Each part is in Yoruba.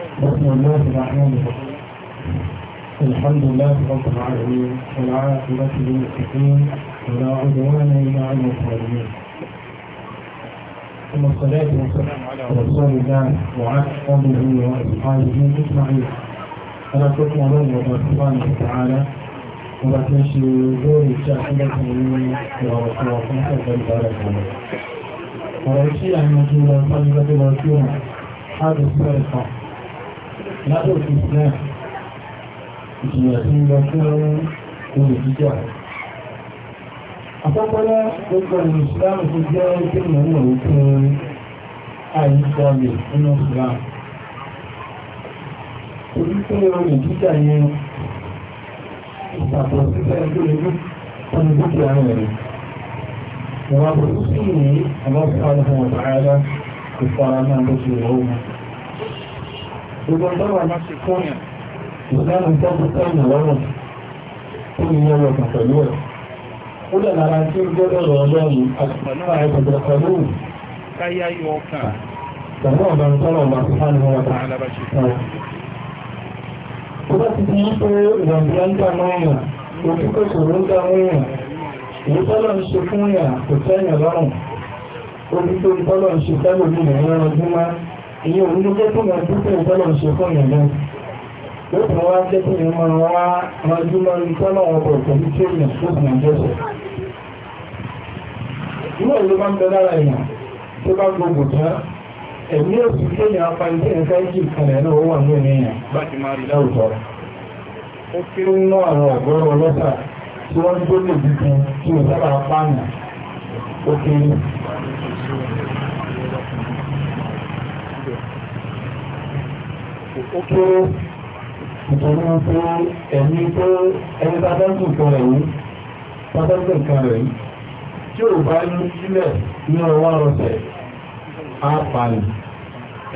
بسم الله الرحمن الرحيم الحمد لله رب العالمين والعاقبة للمتقين ولا عدوان إلا على الظالمين ثم الصلاة والسلام على رسول الله وعلى آله وأصحابه أجمعين أنا كنت أمر الله سبحانه وتعالى ولا تنشي دور الشاحنة من ورسول الله صلى الله عليه وسلم ورسول الله صلى الله عليه هذا السرقة lábẹ́ òfin náà ìjìyà tí ń lọ fún olùjíjà àkọ́kọ́lá gbogbo ìsìláàmù tó jẹ́ pé mọ̀ ní òun fún àìsọ̀lẹ̀ nínú ìsìláàmù orí pé olùjíjà yẹn ìpàtọ̀ síta ẹgbẹ́ lórí ọdún dúkìá rẹ̀ wọ́n bọ̀ sí ní ọlọ́pàá ọlọ́pàá ọ̀tàrà ìfọ̀rọ̀ náà lóṣù ìwọ̀n gbogbo ọlọ́wà máa ṣe kọ́yàn ìlànà tọ́jú kọ́yàn lọ́rọ̀ tó ní yọ ọkà pẹ̀lú ẹ̀ ó dẹ̀ lára tí ó gbé ọ̀rọ̀ ọlọ́run àti pẹ̀lú àìbẹ̀bẹ̀ pẹ̀lú káyá yọ ọkà pẹ̀lú ọ̀bà ń tọ́rọ̀ ọ̀bà tó fáni wọn ọ̀tà tó bá ti di pé ìrọ̀lẹ́ ń dá mọ́yàn ojú kò sòrò ń dá mọ́yàn èyí tọ́lọ̀ ń ṣe fún yà kò tẹ́yàn lọ́rùn ìyẹn òun ló jẹ́ tó mọ̀ tó tẹ̀ ìtọ́lọ̀ ṣe fún ìyẹn náà ó tẹ̀ wá jẹ́ tó yẹn máa wá máa jú máa rí tọ́lọ̀ wọn bọ̀ pẹ̀lú tí èèyàn tó sì máa jẹ́ sọ. Inú ìlú máa ń bẹ lára èèyàn tó bá gbogbo tán ẹ̀mí òsì tí èèyàn apá ní tí ẹ̀ka ó wà ní ènìyàn ọ̀gọ́rọ̀ ọlọ́sà tí wọ́n ń gbé tí ò sábà pààyàn ó kéré. ó kéré nítorí wípé ẹ̀mí pé ẹni tàbẹ́sì nǹkan rẹ̀ yìí tàbẹ́sì nǹkan rẹ̀ yìí tí ò bá ní sílẹ̀ ní ọwọ́ rọ̀sẹ̀ á pààlì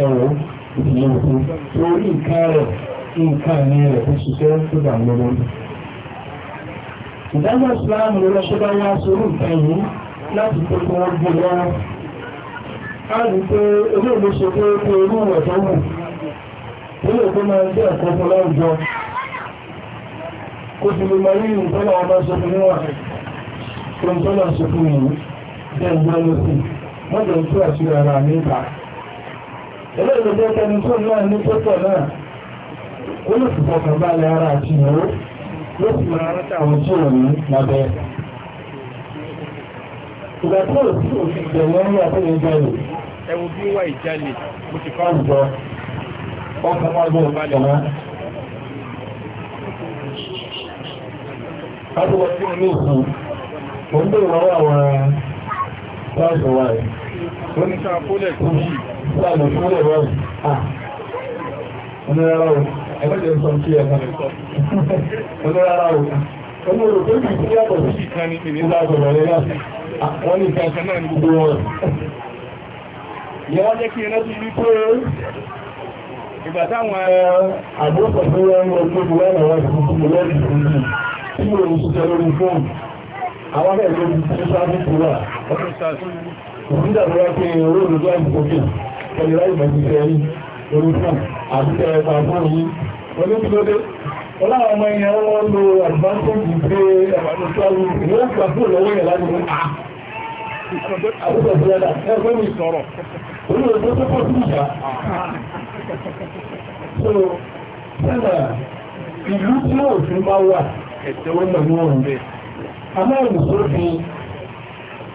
ẹ̀wọ̀ ìdílé òkú torí nǹkan rẹ̀ nǹkan ní rẹ̀ tó ṣiṣẹ́ tó dà lọ́wọ́ ìdájọ́ ìsìláàmù lọ́ṣọ́dá wá sórí nǹkan yìí láti tó kí wọ́n gbé lọ́wọ́ á rí pé olóògbé ṣe pé pé irú rẹ̀ tó wù nínú tó máa jẹ́ ẹ̀kọ́ fún láwùjọ kó fi lè máa rí ìrìntọ́lá ọba sọ fún níwà ìrìntọ́lá sọ fún ìlú jẹ́ ìgbẹ́ ló sì mọ́jọ tó àti ara ní ìta eléyìí jẹ́ tẹni tó náà ní pẹ́pọ̀ ara àti ìnáwó ló sì máa rántí àwọn tí ò ní lábẹ́ ìgbà bí wà ìjálè mo ti kọ́ ọkọ̀ wọ́n bèèrè lọ́wọ́ àwọn ṣọ́ọ̀ṣì wa rẹ̀. Ó ní sáà kúlẹ̀ tó yìí. Sáà lè kúlẹ̀ wọ́n. Onírárá o, ẹgbẹ́ jẹ́ sọ sí ẹ̀ka. Onírárá o, onírò tó yìí sí yàtọ̀ sí ìkànnì ìgbà táwọn àgbọ́pọ̀ tó wọ́n ń lọ sí ìwọ̀n àwọn ìfúnfún lọ́dún ìfúnfún tí mo ń ṣiṣẹ́ lórí fóònù àwọn akẹ́kọ̀ọ́ lórí sáàbí tó wà òfin dàbúrà pé owó olùdó àìsókè pẹ̀lú láì mọ̀ ìṣẹ́ rí orí fún àbíkẹ́ ẹ̀fà fún yìí oníkílódé ọláwọn ọmọ ìyẹn wọ́n lo advantage pé ẹ̀fàdùsọ́rù ìwé ìgbà fún lọ́wọ́ yẹn láti mú àbúkọ̀ so sábà ìlú tí òfin bá wà ẹ̀tẹ́wọ́n náà ní wọ́n bẹ́ẹ̀ amáyìn sófin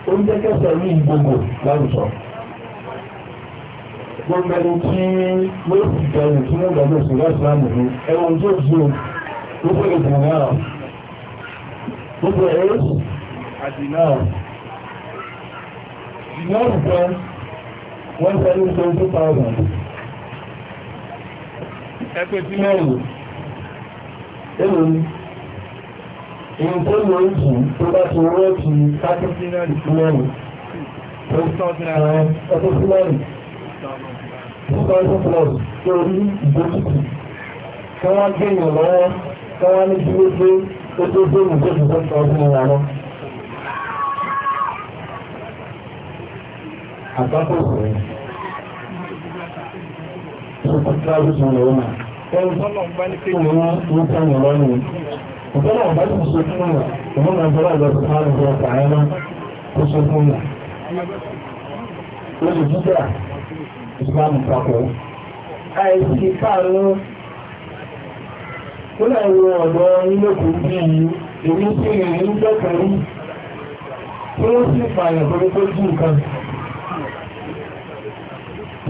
oúnjẹ kẹsàn ní gbogbo láwùjọ gbogbo ẹni tí yóò fi jẹun tí wọ́n gbàgbé òsìn láti láàmù ní ẹ̀wọ̀n tó ju gbogbo ìgbà náà gbogbo ẹ̀rọ àdínà ìnáwó kan wọ́n sáré twenty thousand ẹgbẹ́ tí mẹ́rin ẹ̀rọ èyí tó lọ ìjì tó bá ti rọ́ ti kákìtì mẹ́rin ẹgbẹ́ tí mẹ́rin lórí ìdókìtì kí wọ́n gbé yàn lọ́wọ́ kí wọ́n ní kí ó gbé ó tó gbé ìdókìtì tó tọ́ sí ìrìn àná àkọ́kọ́ ìrìn Ìjọba ọ̀bá ti ṣe fún ọ̀nà, ìwọ́n máa bọ́lá ọ̀dọ́ ti máa ń bọ́ ọ̀tà ẹ̀rọ tó ṣe fún ọ̀nà. Olè jíjà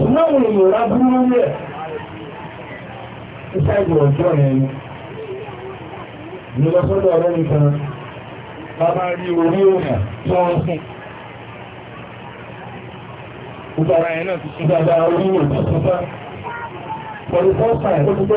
Ìnáwọn èèyàn buru burú e, ẹ̀. Iṣẹ́ ìgbìmọ̀ ìjọ rẹ̀ ni. Ìlọ́sọ́dọ̀ ọ̀rẹ́ nìkan, a máa rí orí òyìn tí wọ́n sùn. Gbogbo ẹ̀ náà ti ṣe dáadáa orí òyìn tó sọ́fá. Pọ̀lú fọ́ọ̀sà ẹ̀ tó tó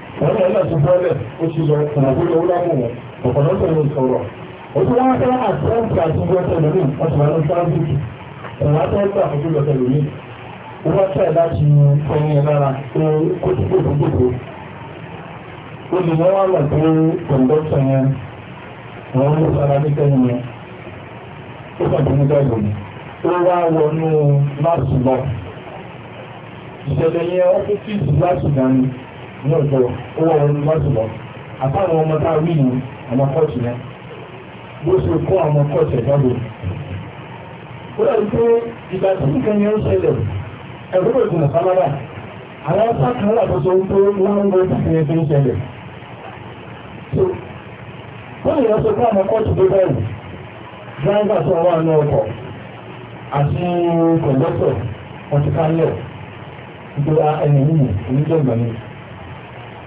wọ́n lọ lẹ́sùn bọ́ọ̀lẹ̀ ó ti lọ kùnàbóyè ó lámù wọn ọ̀pọ̀lọ́ sọ̀rọ̀ sọ̀rọ̀ ó ti wọ́n fẹ́ àtẹ́ǹtì àti ìwé tẹ̀lómi wọ́n ti wà ní sáńdìkì ìwà tó ń gbà fojú lọ tẹ̀lómi wọ́n tẹ̀ láti fẹ́yìn lára pé kó ti gbèsè gbèsè ó lè wọ́n wà lọ pé kọ̀ǹdọ́tọ̀ yẹn ní ọjọ́ owó àwọn olùmọ̀jùlọ àtàwọn ọmọ tá a wí yìí àwọn kọ́ọ̀tù yẹn bó ṣe kó àwọn kọ́ọ̀tù ẹ̀ jáde. ó dàbí pé ìgbà tí nǹkan yẹn ń ṣẹlẹ̀ ẹ̀rọ ìgbìmọ̀ sálábà àwọn sákàá ń pé ìtàkùn yẹn ń ṣẹlẹ̀. lè kọ́ọ̀tù tó dráìvà tó wà ní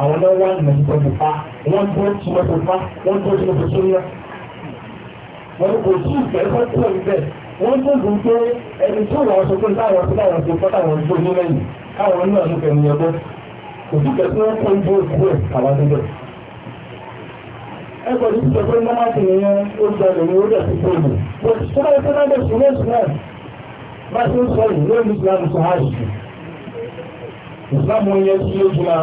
àwọn náà wà ní ọ̀sẹ̀ tó fa wọ́n tó tí wọ́n tó fa wọ́n tó tí wọ́n tó sórí náà. wọ́n kò tí ìfẹ́ fẹ́ tó ìbẹ̀ wọ́n tó dùn pé ẹni tó wà ọ̀sẹ̀ tó táwọn tó táwọn tó fọ́ táwọn tó ní lẹ́yìn káwọn náà ló fẹ̀mí ẹgbẹ́ kò sí kẹ́ tí wọ́n tó ń bó ìkú ẹ̀ kàwá síbẹ̀. ẹ kò ní pé mọ́má ti ní ó sọ lè ní orí ẹ̀sìn tóòlù kò sí tó bá tó bá sùn lóṣù bá ti ń sọ yìí lórí Islam sọ àṣì Islam yẹn sí lójú náà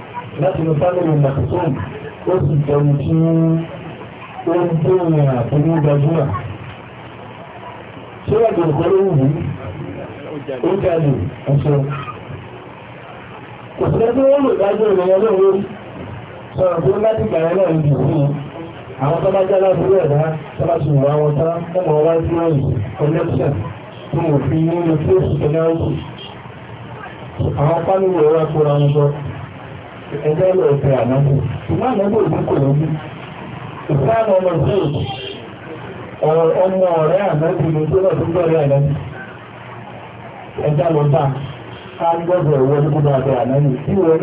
láti lọ fámìlì màtòkòm ó sì jẹun tí ó ń tó ìrìn àbúrú gbajúmọ̀ ṣé àgbẹ̀rẹ̀ kọ́ ló wù mí ó jáde ọ̀ṣọ́ kò sí ẹgbẹ́ ó lè dájú ìrìn ọlọ́run sọ̀rọ̀ tó láti gbà ẹ̀ náà ń dì sí àwọn tó bá jálá burú ẹ̀dá tó bá ṣùgbọ́n àwọn tán mọ́ wá sí ọ̀yìn connection tó mọ̀ fi nínú tí ó sì tẹ̀lé ọ̀sùn àwọn pánìwò ẹ̀rọ àkóra wọn sọ ẹgbẹ́ lọ fẹ́ ànábò ṣùgbọ́n ànábò ìlú kò lóbi ìsáàmù ọmọ ìṣèlú ọmọ ọ̀rẹ́ ànábì ní tó lọ tó gbọ́rẹ́ ànábì ẹgbẹ́ lọ bá ká gbọ́dọ̀ ìwọ ní gbogbo àbẹ̀ ànábì tí ìwọ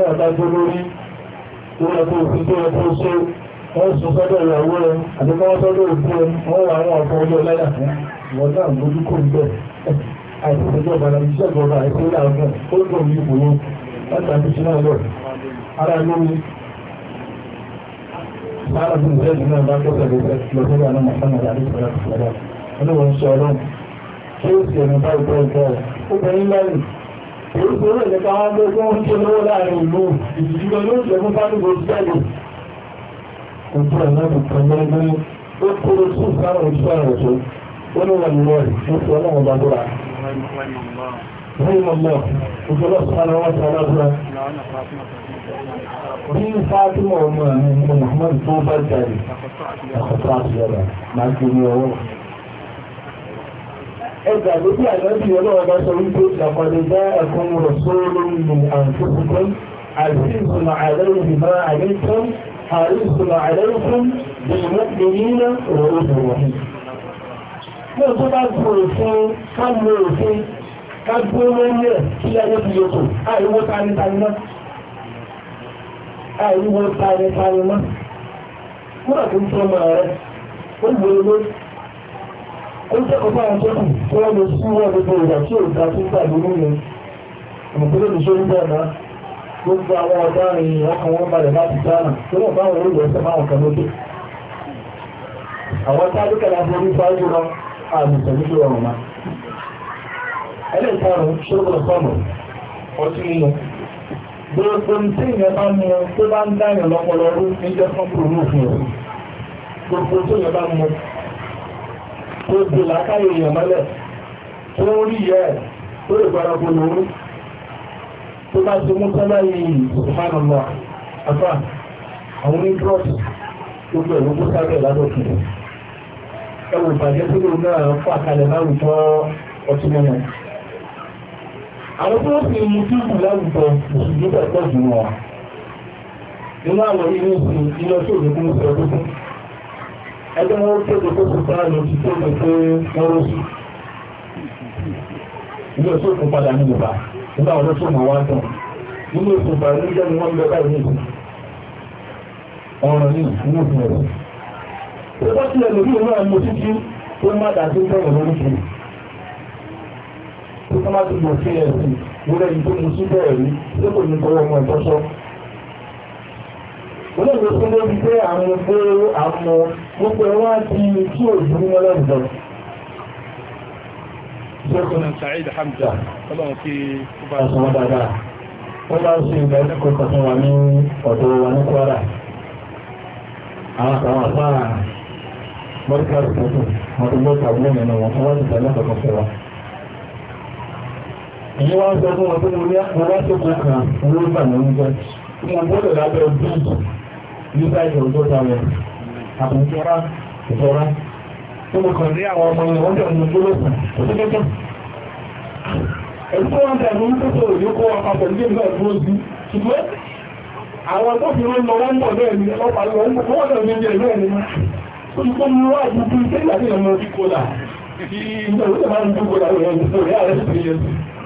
náà bá ara ló ní sára fún ìwé ìlú náà bá gbọ́dọ̀ lọ́sọ́rọ̀ àwọn mọ̀sánà àti ìfọ̀rọ̀ ìfọ̀rọ̀ oníwọ̀n sọ ọlọ́run kí ó sì ẹ̀mí bá ìgbọ́ ìgbọ́ rẹ̀ ó bẹ ní lẹ́yìn èyí tó rẹ̀ nípa wọn ló tó ń ṣe lọ́wọ́ láàrin ìlú ìdíjọ́ yóò jẹ́ fún fánugo sẹ́lẹ̀ ojú ẹ̀ náà kò kàn lọ́gbọ́n ó kúrò sí ìsáwọn òṣìṣẹ́ rẹ̀ tó ó ní wọn lọ rẹ̀ ó fi ọlọ́run bá dúra Ìwé ìmọ̀lọ́, ìjọba sọ́nà wọn sọ́nà dúra ní fátímọ̀ ọmọ mi ní Muhammad tó bá jáde ẹ̀kọ́tọ́ àṣìyàrá máa gbé ní ọwọ́ ẹgbà lójú àjọ́sí ọlọ́wọ́ bá sọ wípé ìjàpọ̀lẹ̀ dá ẹ̀kún rọ̀ sóòrò ní àǹtíkùkún àìsínsùnà àlẹ́yìn bá àyíkún àìsínsùnà àlẹ́yìn bí mọ́kànlélínà òwúrò wọ̀n àìrí wọn tààrẹ tààrẹ múra tó ń tọ́ ọmọ rẹ ó gbé ilé e ó jẹ́ ọgbà àjọkù tí wọ́n lè sí gbogbo ìgbà tí ò ga tó gbà lórí mi ìmọ̀tẹ́lẹ̀ mi sórí bẹ́ẹ̀ náà gbogbo àwọn ọ̀daràn ọkàn wọn balẹ̀ láti dáná tó wọ́n báwọn olóògbé ẹsẹ̀ máa kàn lókè àwọn tábí kẹlẹ́ àti orí fáájú lọ àmì ìtẹ̀lé tó rọrùn máa ẹlẹ́ẹ̀karùn-ún ṣé ó ọtí nínú gbogbo tí ìyẹn bá mú tó bá ń dáyẹ̀ lọ́pọ̀lọ́ rú níjẹ́ fún kúrú fún ọ gbogbo tó yẹ bá mú tó gbé làákàyè èèyàn mọ́lẹ̀ tó rí yẹ tó lè gbára gbolo rú tó bá ti mú tọ́lá yìí ìsúnmọ́nà lọ àfà àwọn onídrọ́ọ̀tì gbogbo ẹ̀rọ kó sábẹ̀ ládọ́kì ẹwù ìbàjẹ́ tó lè náà fà kalẹ̀ láwùjọ ọtí àwọn tó fi mú fíìmù láwùjọ òṣìṣẹ́ pẹ̀lú jù wọn nínú àwọn ilé ìsìn iná tó lè kún sí ọdún fún ẹgbẹ́ wọn kéde tó kó sáà lọ sí tó lè pé wọ́n rọ́ sí ilé tó kún padà ní Yorùbá nígbà wọn tó mọ̀ wá tán nínú ètò ìbàrẹ̀ ní jẹ́ni wọ́n ń bẹ báyìí ní ọ̀rọ̀ ní ìsìn ìsìn ẹ̀rọ tó bá tilẹ̀ lórí ìlú àwọn mo títí tó má dá sí tọ̀rọ̀ lórí kiri tó tó má ti bò fi ẹ̀sìn lórí ẹni tó mú sí bẹ́ẹ̀ rí tó kò ní tọwọ́ ọmọ ìtọ́sọ́. olóògbé tó lórí pé àwọn pé àmọ́ gbogbo ẹ̀ wá ti tí ò dúró wọn lẹ́gbẹ̀ẹ́. Sọ́kùnrin Saheed Hamza, ọlọ́run kí ó bá sọ wọ́n dáadáa. Wọ́n bá ń ṣe ìgbà ẹ̀kọ́ fún wọ́n ti tẹ̀lé ọ̀dọ̀ fún wa èyí wá ní ọwọ́ tó kó wọ́n jọ ní ojú lókun kò sí àwọn tó fi wọn lọ wọn bọ̀ bẹ́ẹ̀ ni ọ̀pá lọ ní ilé ìgbà ni ó ti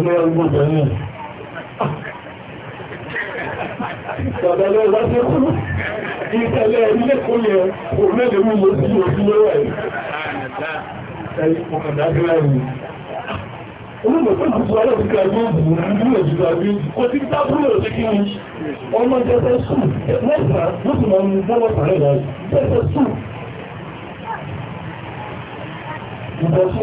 olóyè gbogbo ẹ̀yìn ìtàlẹ́ ìwádìí kúrú ìtàlẹ́ ilé kó yẹ orílẹ̀-èdè mú mo sí òfin lọ́wọ́ ẹ̀ Ọmọ jẹ́sẹ̀ sùn, mẹ́sàn-án, ló sì máa ń bọ́wọ́ sàárẹ̀ rẹ̀, jẹ́sẹ̀ sùn. Ìbọ̀sí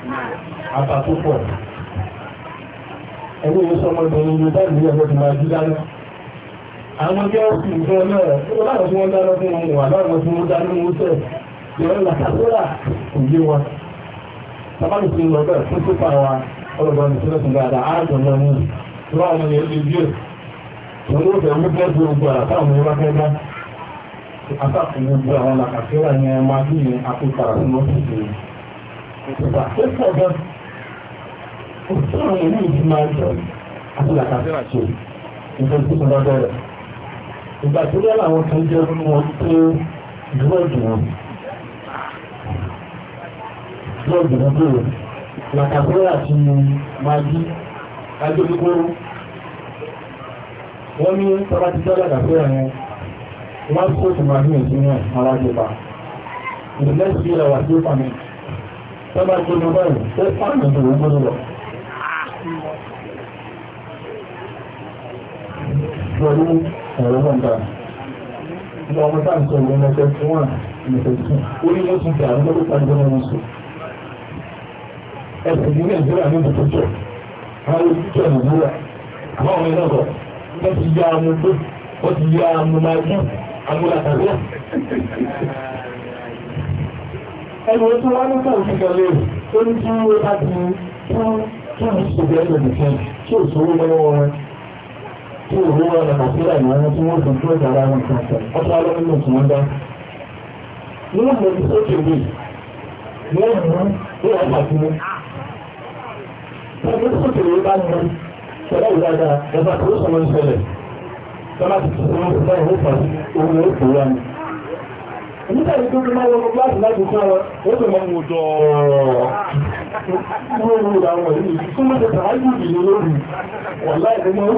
àbá tó pọ̀ ẹgbẹ́ ìwé sọmọbìnrin ní bá ìlú ẹgbẹ́ tó máa jí dáná àwọn ẹgbẹ́ òsì nǹkan náà ó láwọn tí wọ́n dáná fún wọn wà láwọn tí wọ́n dáná wọn tẹ̀ ìrọ̀ làkàtúrà kò yé wọn sábàbí tí lọ bẹ́ẹ̀ fún sípà wa ọlọ́gbọ́n ní sílẹ̀ tún dáadáa ààbò náà ní ìwọ àwọn èèyàn ti díẹ̀ wọn ló fẹ́ mú bẹ́ẹ̀ gbogbo àtàwọn ọmọ ẹgbẹ́ bá àtàkùn gbogbo àwọn làkàtúrà tí àwọn ìlú ìdí máa jọ àti làkàtà ṣe ìjọba tó bá bẹ̀rẹ̀. ìgbà tó yẹ làwọn kan jẹ́ fún wọn pé dúrọ́ọ̀dù wọn dúrọ́ọ̀dù wọn bẹ̀rẹ̀ làkàtà àti magi ajókòó wọ́n ní tọ́lá ti tọ́lá làkàtà yẹn wọ́n kó tó máa ní ìdí náà ara jẹ pa ìdílé sí ìlà wà sí ìpàmì tọ́lá tó lọ báyìí tẹ́ fáàmì ìdòwò gbọ́dọ̀ lórí ẹ̀rọ mọ́ta ọmọ ọmọ ń sọ ìwé ẹ̀fẹ́ tí wọ́n ẹ̀fẹ́ tí ó ní wọ́n tún fi àwọn wọn sọ ẹ̀sìn ní nàìjíríà ní ìdìbò jọ àwọn olùdíjọ nàìjíríà àwọn ọmọ iná wọ́n ti ya amú tó wọ́n ti ya amú máa jù amúlàkàrí ẹni tí òun wà lọ́nà sílẹ̀ ní àwọn tí wọ́n fi tó ìdára wọn kan sọ ọ̀tọ̀ alọ́nà tí wọ́n dá. nínú mo ti sókè mi wọ́n mú ní ọ̀pá tí mo. pẹ̀lú sókè mi bá mú pẹ̀lú ìdájà ẹ̀fà tó sọmọ ìṣẹ̀lẹ̀ tọ́lá ti tó sọmọ ìṣẹ̀lẹ̀ ó fà òun ó kò wá ni. Nígbà tí ó máa wọ́n láti láti fún ọ, ó sì máa ń wòdọ̀ ọ̀rọ̀. Mo ń wòdà àwọn ìlú, tó mọ́ ṣe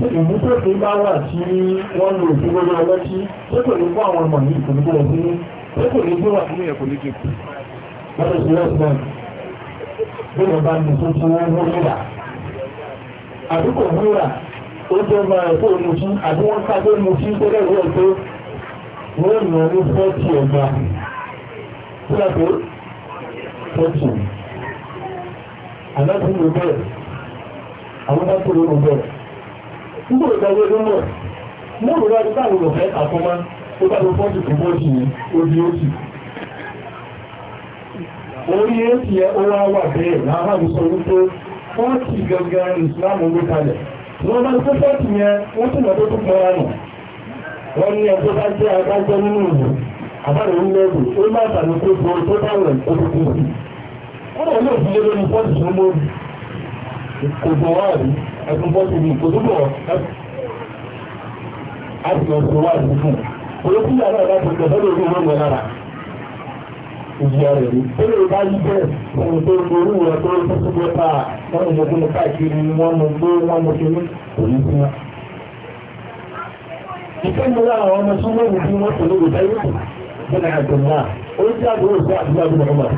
ìlú tó tó bá wà tí wọ́n lò sí lórí ọlọ́tí tó kò ní fún àwọn ọmọ yìí kò ní kó lọ sí ní tó kò ní gbéwà ní ẹ̀kọ́ ní kíkù lọ́dọ̀ sí rẹ́sìmọ̀n bí wọ́n bá ní tó tí wọ́n mú rírà àdúgbò rírà ó jẹ́ ọmọ ẹ̀kọ́ mutí àbí wọ́n ká gbé mutí tó lẹ́rú ẹ̀ pé wọ́n nà ní fọ́ọ̀tì ẹ̀gbà tí a pé fọ́ọ̀tì àlọ́ tó lò bẹ́ẹ̀ àwọn bá tó lò bẹ́ẹ̀ nígbò ìgbàgbé ló mọ̀ mọ́ rọ̀ láti táwọn olùfẹ́ àfọ́má tó bá lọ fọ́ọ̀tì tó bọ́ọ̀tì ní orí oṣù orí oṣù yẹ ó wá wà bẹ́ẹ̀ láàárọ̀ sọ wípé fọ́ọ̀tì gangan ìsìláàmù gbé kalẹ̀ wọ́n ẹ̀kún bọ́ọ̀sì ní ìkòdúbọ̀ láti lọ sí wáyé fún olókùn yàrá ẹ̀dá tó tẹ̀ lórí ìwé ìwé lára ìyá rẹ̀ rí tó lè bá yí bẹ́ẹ̀ fún tó ń borí rẹ̀ tó ń tó gbé pa wọ́n ń gbé káàkiri wọ́n mú gbé wọ́n mú kiri kò ní sí wọn. ìfẹ́ mi lára àwọn ọmọ súnmọ́ ìlú bí wọ́n tó lè bá yí kù bẹ́ẹ̀ náà tó náà ó jẹ́ àbúrò sí àdúrà bí wọ́n mọ̀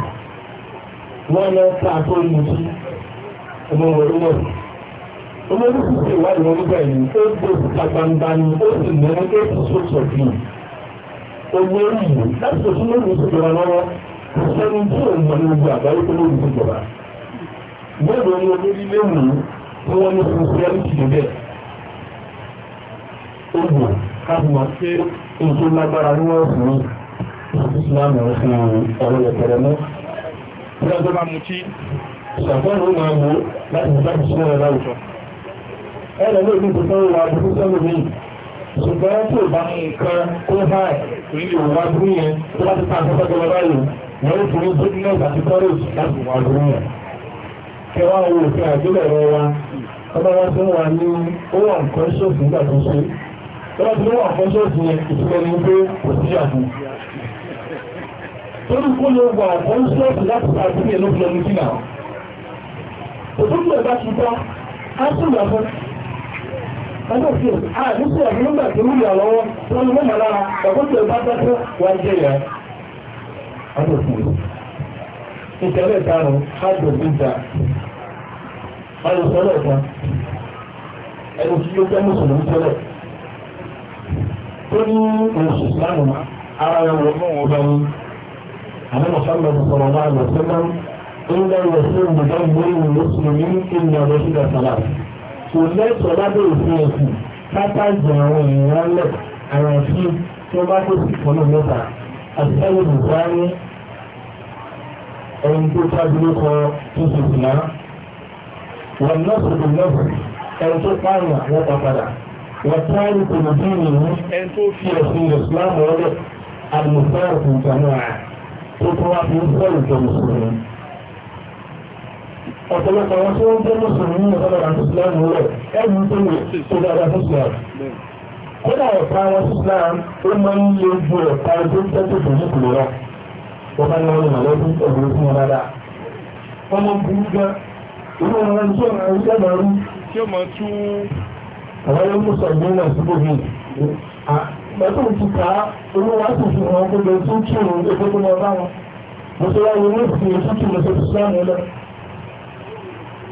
wọ́n lọ sáà tó ń mú sí ọmọ ìwé olóríṣiríṣi ìwádìí wọn níbẹ̀ ni ó gbé òkúta gbangba ni ó sì ní ẹgbẹ́ ìṣòṣò bíi olórí ìlú láti tòṣí lórí ìṣèjọba lọ́wọ́ kò sẹ́ni tí ò mọ ní gbogbo àgbáyé tó lórí ìṣèjọba. mélòó ni olórí léwu tí wọ́n ní fún fúlẹ́rìsì níbẹ̀ ogun káfíńmá pé nǹkan lágbára ní wọ́n fún ìsìlámù fún ọ̀rọ̀ ìpẹ̀rẹ̀ mọ́. bí wọ́n tó bá mutí máa mú láti ẹ̀rọ ló ní ìbùsọ̀ ìwà àbúrú sọ́nù mi ṣùgbọ́n tí ò bá ní nǹkan tó bá ìlú ìwà àbúrú yẹn tó bá ti ta àkọ́kọ́ tó lọ báyìí wọ́n ó fún business àti courage láti wà àbúrú yẹn. kẹwàá owó òfin àgbélẹ̀ rẹ wa ọba wa ti ń wà ní owó nǹkan ṣòfin nígbà tó ṣe lọ́wọ́ tí wọ́n nǹkan ṣòfin yẹn ìtumọ̀ ni pé kò sí àbúrú. torí kó ló wà nǹkan ṣòfin láti ta àbúrú yẹn ló fi lọ ní kí náà. òtútù ẹ̀ bá ti bá á sì wà fún ẹjọ́ sí àìsí ẹ̀mí jẹ́ yẹn. ọjọ́ sí ìṣẹ̀lẹ̀ ẹni tí ó jẹ́ mùsùlùmí sọ́lẹ̀ tó ní oṣù sánù ara rẹ̀ wọ́n mọ̀ wọ́n àwọn mọ̀sánmọ̀ sọ̀rọ̀ náà lọ sí mọ́ mùsùlùmí ìlú kò lẹ́tọ̀ lábẹ́ òfin ẹ̀sìn látàgbà àwọn èèyàn lẹ̀ àwọn ẹ̀sìn tí wọ́n bá tó sì fọ́nà mẹ́ta àti ẹ̀yìn ìgbà ní ẹni tó tábìlì kọ tó sì sì náà wọn náà sọ̀rọ̀ lọ́sọ̀ ẹni tó pààyàn wọ́n pa padà wọ́n táyì kò bí ìrìn ẹni tó fi ẹ̀sìn ìsìlámù ọ̀rẹ́ àlùmọ̀sáàrù kò jàmọ́ à tó tó wá fi ń sọ̀rọ̀ jọ mùsùlùmí ọ̀pọ̀lọpọ̀ wọn tí wọ́n jẹ́ mùsùlùmí ọ̀pọ̀lọpọ̀ àti islam rẹ̀ ẹ̀rù tó lè tó dáadáa fún islam kódà ọ̀pá wọn sí islam ó máa ń lé ju ọ̀pá tó ń tẹ́tù tó ní kùlọ̀ náà wọ́n bá náà lọ́nà lọ́dún ọ̀gbìn fún wọn dáadáa wọ́n mọ burú gan inú wọn ní tí ọ̀nà ìṣẹ́ máa rú tí ó máa tú àwọn yóò mú sọ̀gbìn náà síbò mi mẹ́tò ti ká olúwa sì fi wọn gbogbo tó kírun epo tó lọ bá wọn mo ti wá ní ìsìn ìtútù mo ti fi sọ́ọ̀nù lọ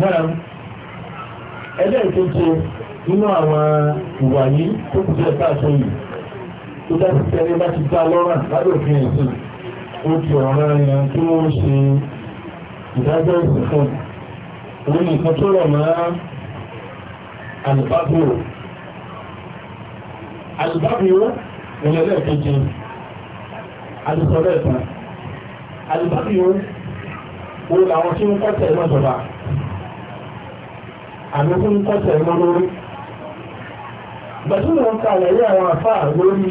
náà ẹgbẹ́ ìkejì nínú àwọn ìwà yìí tó kù díẹ̀ káàtó yìí tó dá títí ẹni bá ti dá lọ́rùn lábẹ́ òfin ẹ̀sìn ó ti ọ̀rọ̀ ẹ̀yàn tí wọ́n ṣe ìdájọ́ ìsìn fún òun nìkan tó rọ̀ mọ́ àlùbábùrù àlùbábùrù òun ẹlẹ́ẹ̀kejì àdìsọ̀rọ̀ ẹ̀sán òun làwọn tí wọ́n kọ́ tẹ̀ lọ́jọba àmì tó ń kọ́sẹ̀ mọ́ lórí gbàtí wọ́n ka àlàyé àwọn àfà lórí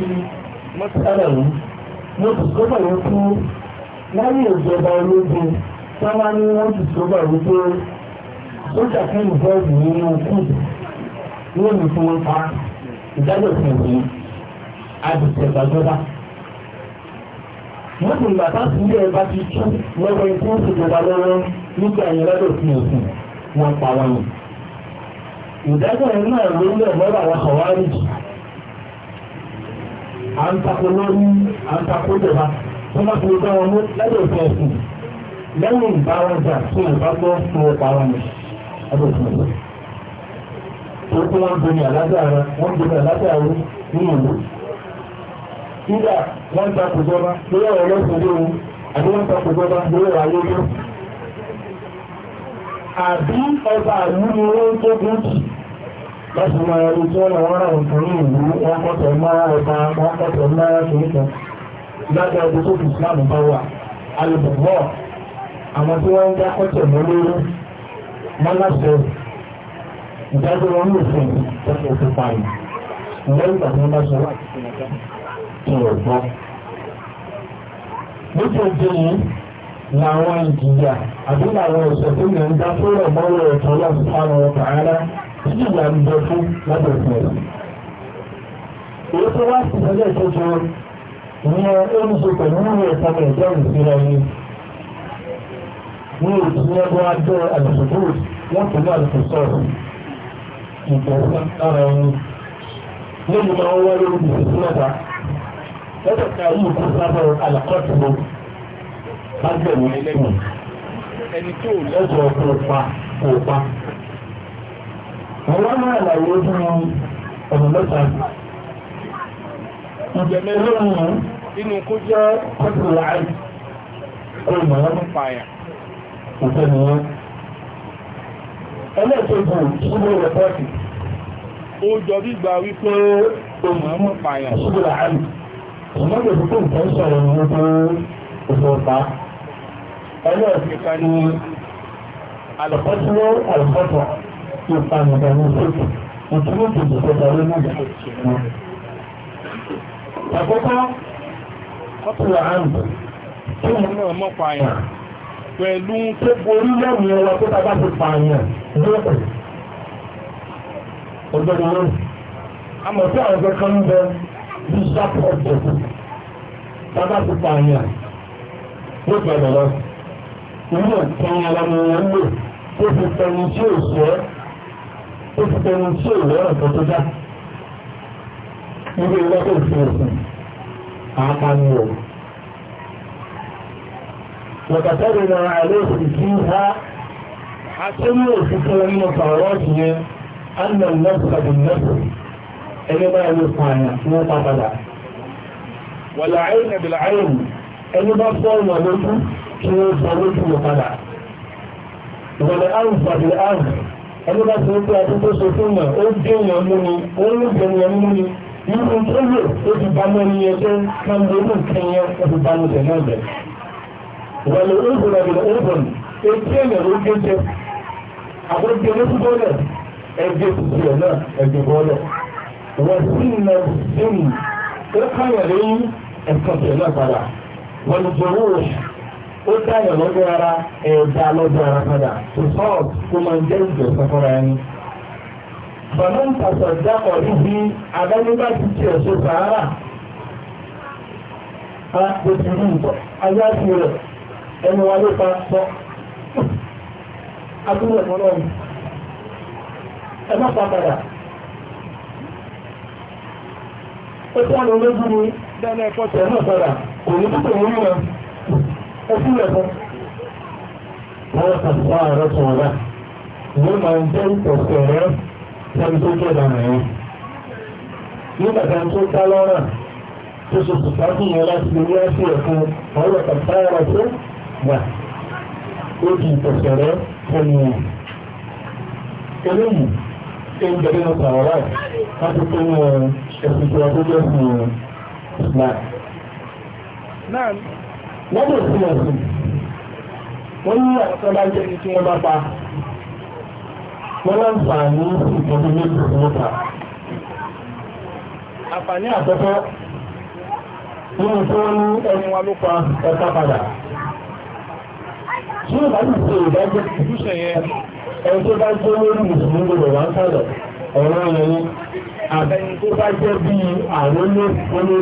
mọ́tàlá yìí mo sì sọ́bà yẹn kú láyé ìjọba ológun tí wọ́n ní wọ́n sì sọ́bà wípé sójà fún ìbọ́ọ̀bù nínú kù lónìí fún wọn pa ìdájọ́ fún ìwé àdìsẹ̀ gbàjọba mọ́tò ìgbàtà sílẹ̀ bá ti tú lọ́wọ́ ikú ìjọba lọ́wọ́ nígbà yẹn lọ́dọ̀ fún òfin wọn pa wọn yìí ìdájọ́ yẹn náà ló ń lẹ̀ lọ́rọ̀ àwọn kọ̀wárì à ń takò lórí à ń takò jọba tó bá fi gbá wọn mú lẹ́yìn òfin ẹ̀sìn lẹ́yìn ìbárajà tó lè bá fún ọ̀pá wọn ni ẹgbẹ́ òfin ẹ̀sìn. tó kí wọ́n gbé ní àlájá rẹ wọ́n gbé ní àlájá rẹ ní ìlú. Nígbà wọ́n takò jọba lórí ọ̀rọ̀ ọ̀rọ̀ ayé àbí ọba àlú ni wọ́n tó gùn jù láti máa rí tí wọ́n wọ́n rà nǹkan ní ìlú wọ́n pọ̀tọ̀ máa ọba wọ́n pọ̀tọ̀ máa kìíkan lábẹ́ ọdún tó fi Islam bá wà alùpùpọ̀ àwọn tí wọ́n ń dá pọ̀tọ̀ mọ́lóró mọ́láṣẹ ìdájọ́ wọn ló fún ìtọ́jú òfin parí lẹ́yìn ìgbà tí wọ́n bá sọ wà tí wọ́n gbọ́. nítorí yìí làwọn ìjìyà àbí làwọn ìṣẹ̀tún yẹn ń dá fúnra mọ́wọ́ ẹ̀tọ́ lọ́sùn fáwọn títí ìwà ń bẹ fún lábẹ́ òfin ẹ̀sìn. èyí tó wá sí ìfẹ́lẹ́ ìtọ́jú ìyẹn ó ń ṣe pẹ̀lú ìwé ìsàmì ẹ̀jẹ̀ ìsira ẹni ní ìtúnyẹ́gbọ́ abẹ́ àlùfòfò wọ́n pẹ̀lú àlùfòfò ìgbẹ̀sán ara ẹni lẹ́yìn máa ń wá lórí ìfẹ́sí mẹ́ta lọ́dọ̀ ká yìí kó sábẹ́ àlàkọ́tù lọ bá gbẹ̀mí ẹlẹ́gbẹ̀ẹ́ ẹni tí ò lẹ́jọ́ kó pa kó pa. Àwọn máa làwọ̀ fún ọ̀nà mẹ́ta. Ìjẹ̀mẹ́ lóòrùn inú kó jẹ́ kọ́tùlá àìsí. Kó ìmọ̀ wọn nípa àyà. Òfẹ́ ni wọ́n. Ẹlẹ́ẹ̀kejì ṣúgbó rẹ̀pọ́ọ̀tì. Ó jọ ní wípé òṣèlú tí ó fa ìrìnàjò ní sókè ìtumọ̀ kejì tó darí nígbà. àkọ́kọ́ ọ̀pọ̀lọ̀ àǹdù tí mo náà mọ̀ pààyàn pẹ̀lú tó borí lẹ́yìn ẹwà tó bá ti pààyàn lóòpẹ̀. ọ̀gbẹ́ni lónìí àmọ̀ tí àwọn kankan ń bẹ bí sharp object bàbá ti pààyàn ló gbàgbọ́ lọ. ìlú ẹ̀ka ara ni wọ́n lò tó fi tẹni tí ò sọ ó ti tẹnu tí ò lọ́rọ̀ tó tó dá níbi ìlọ́pọ̀ ìfẹ̀sùn àpàmì ò lọ́kàtàrí na àlẹ́sì sí ha àtúnú òṣìṣẹ́ nínú pàrọ́ọ̀tì yẹn annan nọ́sàbì nọ́sù ẹni bá lè pààyàn ní pápádà wàlà àìyàn bìlà àìyàn ẹni bá fọ́ ẹni bá ti ń pé ọdún tó ṣe fún wọn ó dé wọn mú ni ó ń lùgbẹ́ wọn mú ni irun tó lò ó ti bá mọ́ ní ẹjọ́ máa ń lo inú kẹyẹ ó ti bá mọ́ tẹ̀ náà bẹ̀. wọlé oògùn ọ̀gbìn oògùn etí ẹ̀yẹ̀ ló gé jẹ àgbẹ̀gbẹ̀ lójú bọ́ọ̀lẹ̀ ẹgbẹ́ tuntun ẹ̀ náà ẹgbẹ́ bọ́ọ̀lẹ̀ wọ́n sì ń lọ sínú ó káyọ̀ lẹ́yìn ẹ̀kan tẹ̀ náà padà wọ́n ti jọ ó dáyọ̀ lọ́dọ̀ ara ẹ̀ẹ́dá lọ́dọ̀ ara padà tó sọ́ọ̀t tó máa ń jẹ́ ìjọ sọ́kọ́ra ẹni. bàbá ń pàṣẹ dákọ̀ níbi abẹ́lébá ti tiẹ̀ ṣe sàárà a tó ti rí nǹkan ayá ti rẹ̀ ẹnu wa ló pa sọ. abúlé ọ̀pọ̀lọ́ mi ẹ má pa padà. ó tẹ́ àwọn ológun ní dáná ẹ̀kọ́ tẹ̀ náà padà kò ní kókò wọ́n mọ̀ ẹkú lẹ́kọ́. Wọ́n kà fún ààrẹ tó wọ́n wọ́n máa ń jẹ́ ìpọ̀sẹ̀ rẹ sẹ́ni tó jẹ́ ìdáná yẹn. Nígbà kan tó dá lọ́rùn tó ṣe sùpá fún yẹn láti lè wá sí ẹ̀kún ọ̀rọ̀ kàtà ara tó wà. Ó di ìpọ̀sẹ̀ rẹ sẹ́ni yẹn. Eléyìí ṣe wọ́n si fi ẹ̀sùn wọ́n ní ọ̀sán bá jẹ́ wọ́n bá pa wọ́n láǹfààní ìtọ́jú méjì fún mẹ́ta. àǹfààní àkọ́kọ́ nínú tí wọ́n ní ẹni wa ló pa ẹ̀ka padà. tí ó bá ti ìdájọ́ ẹni tó bá jẹ́ lórí ń sọ̀rọ̀ ọ̀rọ̀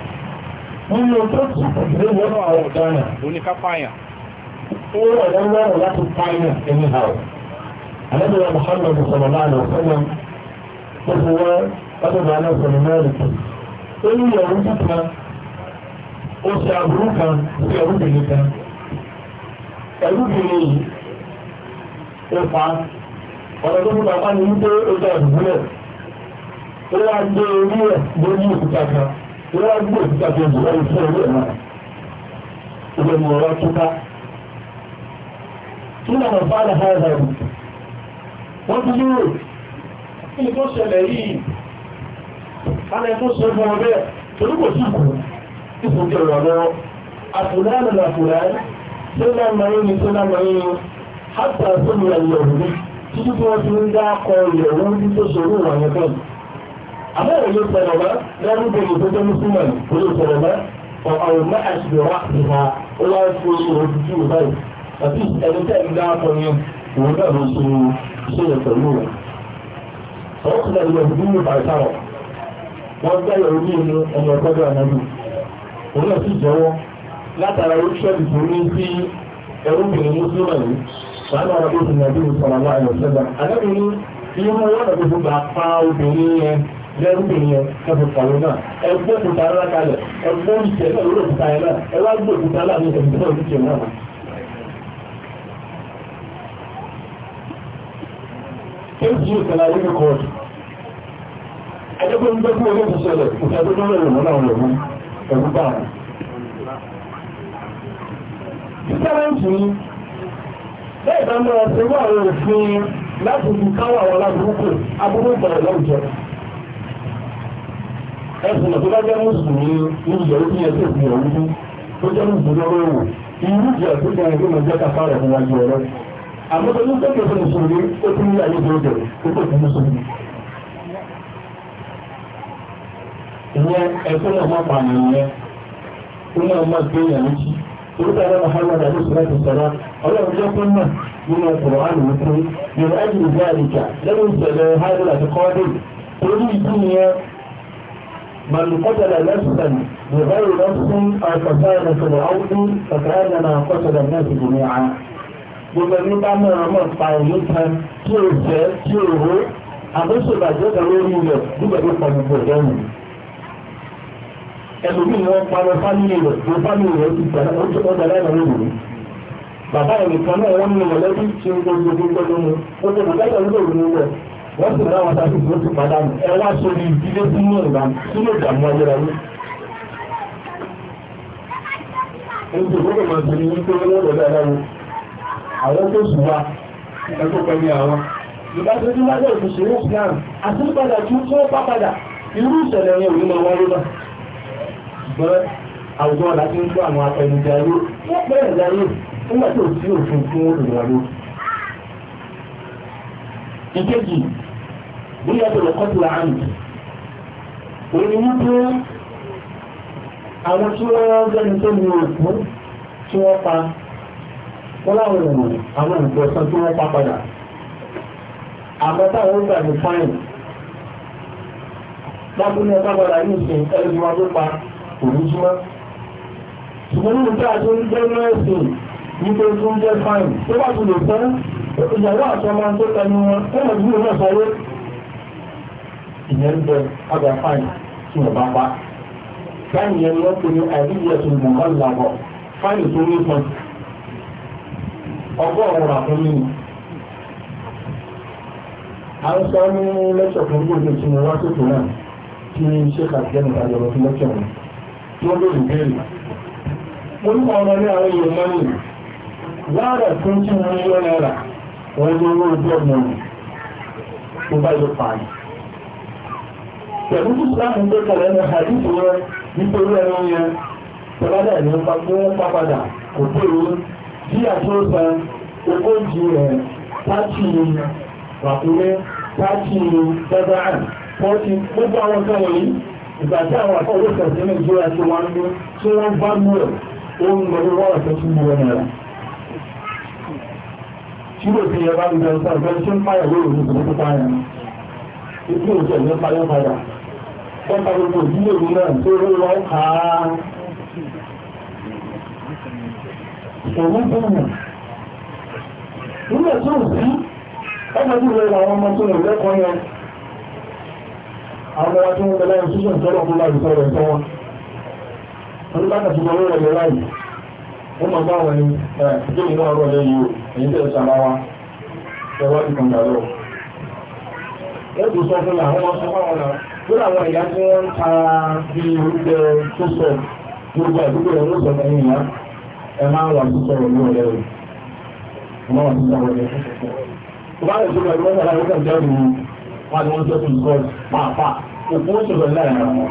nínú tó tún ìdílé wọnú àwọn ọ̀daràn. oníkápáyàn. ó rọ̀ lọ́wọ́ láti pààyàn anyhow. àlejò wa Muhammad sallallahu alaihi wasallam ó fi wá ọdún àná sọ̀rọ̀ mẹ́rin. ó ní ìyàwó títà ó ṣe àbúrú kan sí ọdún kan. ẹ̀rúbìnrin yìí ó pa ọ̀nà tó fún bàbá mi wípé ó jẹ́ àdúgbò rẹ̀. ó wá gbé orí ẹ̀ lórí òkúta kan wọ́n á gbé òkúta tó bù wọ́n fún ọwọ́ ẹ̀ náà ìwé ni ọ̀rọ̀ tó bá kí náà wọ́n bá lọ bá ọ̀rọ̀ rẹ̀ wọ́n ti lérò kí ni tó ṣẹlẹ̀ yìí alẹ́ tó ṣe fún ọbẹ̀ torí kò sí ìkù ìfòkè ọ̀rọ̀ lọ́wọ́ àfùlánà làfùlánà tó lámà yín ni tó lámà yín ni hátà tó lù ẹ̀yẹ̀ òní títí tí wọ́n ti ń dá akọ ìyẹ̀wò tó ṣòro ìwà yẹn bẹ́ẹ̀ àmọ́ òun ló sọ̀rọ̀ mọ́ lẹ́nu bèrè tó jẹ́ mùsùlùmí kò lè sọ̀rọ̀ mọ́ ọ̀hún má àṣìwá ìhà ó wá ń fi ìrò ojú báyìí àti ẹni tẹ́ ń dá ọkọ yẹn òun náà ló ṣe ṣe yẹ pẹ̀lú rẹ̀. ọ̀hún ti lẹ́nu ìlú ní ìbàṣàrọ̀ wọ́n gbẹ́yẹ̀ orí inú ẹni ọgọ́dọ̀ ànábì òun náà sì jẹ́wọ́ látara oríṣẹ́lì tó lẹ́rúgbìn yẹn ẹ̀fọ̀ pàrọ̀ náà ẹgbẹ́ òkúta ńlá kalẹ̀ ẹgbẹ́ òṣìṣẹ́ náà lórí òkúta yẹn náà ẹ wá gbé òkúta láàrin ìṣẹ̀lẹ̀ náà òṣìṣẹ́ náà. kéjì ìṣẹ̀lẹ̀ ayé mi kọ́ọ̀dù ẹgbẹ́ ń gbé fún olóòtú ṣẹlẹ̀ ìṣẹ̀lẹ̀ tó lọ́rọ̀ ìwọ̀n náà lọ́wọ́ ẹ̀rú bá wọn. ìṣẹ́lẹ̀ǹtì yìí bẹ́ẹ̀ ń bọ̀ ṣe wọ́n láti fi káwọ́ àwọn aláburúkú aburú bọ̀rọ̀ lọ́wọ́ ẹ̀sùn tó bá jẹ́ mùsùlùmí níjẹ̀ ó yẹ tó fi ọ̀rú tó tó jẹ́ ẹgbẹ́ mọ̀ jẹ́ kápá tó ní sẹ́kẹ̀ tó fi mùsùlùmí. ìyẹn Muhammad alẹ́sọ̀rọ̀ sọ̀rọ̀ ọlọ́run jẹ́ fún náà nínú ọkùnrin àlùkò yorùbá ẹ̀jẹ̀ ìgbà àdìjà lẹ́yìn ìṣẹ̀lẹ̀ hàìlú àti kọ́ọ́dún torí ìdí yẹn من قتل نفسا بغير نفس او فساد في الارض قتل الناس جميعا gbogbo ẹni bá mọ ọmọ pa ìlú kan tí o fẹ́ tí o ro àbúṣebàjẹ́ kan lórí rẹ̀ nígbà tó pa gbogbo ẹ̀dẹ́rùn. ẹlòmíì ni wọ́n parọ́ fámìlì rẹ̀ tó fámìlì rẹ̀ ti tẹ̀lé ó tó tẹ̀lé ẹ̀rọ lòdì. bàbá ẹnìkan náà wọ́n ní ìrọ̀lẹ́bí tí ó gbogbo gbogbo lónìí ó tó bàbá ìyàwó lòdì nínú rẹ̀ wọ́n sì láwọn tàbí ìgbó ti padà ẹ wá sórí ìdílé tí mú ìgbà tí ló dàmú ayẹra yìí. Oúnjẹ gbọ́dọ̀ máa ti ní wípé wọ́n lọ dáadáa wo. Àwọn tó sùn wa ẹgbẹ́ pẹ̀lú àwọn. Ìbáṣe tí wájú òṣìṣẹ́ Islam àti ìpadà tí ó tó pápadà irú ìṣẹ̀lẹ̀ yẹn ò ní máa wáyé bá. Ṣùgbọ́n àwùjọ ọ̀la ti ń gbọ́ àwọn apẹnujẹ ayé bí ẹ̀tọ́ lọ́kọ́ tó àmì òní wípé àwọn tí wọ́n gẹ́ni tó ní òkú tí wọ́n pa wọ́n láwọn òun àwọn ìgbọ̀sán tí wọ́n pa padà àmọ́ táwọn ń gbà ní fáìn lábúlé ọba padà yìí ṣe ẹni tí wọ́n tó pa òní jùmọ́ ṣùgbọ́n nínú tí a tó ń jẹ́ mẹ́sìn wípé tó ń jẹ́ fáìn tó bá tún lè fẹ́ ìyàwó àtọmọ tó tẹnu wọn ó mọ̀ ìyẹn ń bẹ ọjà fáìn tí wọ́n bá pa. fáìn yẹn ni wọ́n pe ní àìríyẹ tó mọ̀ ọ́ làbọ̀ fáìn tó ní pọn ọgọ́rùn-ún rà fún a ń sọ ní lẹ́kṣọ̀ fún gbogbo tí mo wá sókè náà kí ṣé kàdíyẹ́ nípa yọ̀rọ̀ fún lẹ́kṣọ̀ mi tí wọ́n lórí ìbéèrè. mo ní ọmọ ní àwọn èèyàn mọ́nì láàrẹ̀ fún tí mo ní yọ náírà wọ́n ní owó ojú ọ̀nà tó bá yọ pààyàn pẹ̀lú ìsìláàmù tó kẹ̀lẹ̀ ní àdìsí rẹ nítorí ẹni yẹn tọ́ládà ní ọmọ pápadà kò tóru bí àtúnṣe ogójì rẹ̀ táàkì ràkúnlé táàkì dẹ́gbàá pọ́ọ̀tì gbogbo àwọn nǹkan wọ̀nyí ìgbà tí àwọn àkọ́wé kẹ̀sì nàìjíríà ti wá ń lé tí wọ́n bá mú ẹ̀ ó ń lọ bí wọ́n ọ̀sẹ̀ tún lọ náírà tí ó ti yẹ bá ń bẹ̀rẹ̀ sọ̀rọ̀ bẹ́ẹ̀ tí ń pààyà lóòrùn ìgbà tó pààyà ìpínlẹ̀ òjò ìyẹn pààyà pààyà wọ́n ìdílé mi tó rí wọn ká èyí tó tó sí ọmọdé rẹ̀ àwọn ọmọ tó rẹ̀ lẹ́kọ̀ọ́ yẹn àwọn ọmọ tó ń láì sọ rẹ̀ sọ láì ó Ẹ̀ẹ́dù sọ fún àwọn ọmọ sọ fún àwọn tó ìyá tí wọ́n ń ta bí orúkọ tó sọ gbogbo àdúgbò rẹ̀ ló sọ fún ìyá ẹ máa wà sí sọ̀rọ̀ ní ọ̀rẹ́ rẹ̀ ẹ máa wà sí sọ̀rọ̀ ní ọ̀rẹ́ rẹ̀ tó bá lè tó lọ ìwọ́n sọ̀rọ̀ ìwọ́n jẹ́ òun wọn ni wọ́n sọ fún ìkọ́ pàápàá òkú ó sọ̀rọ̀ láàrin àwọn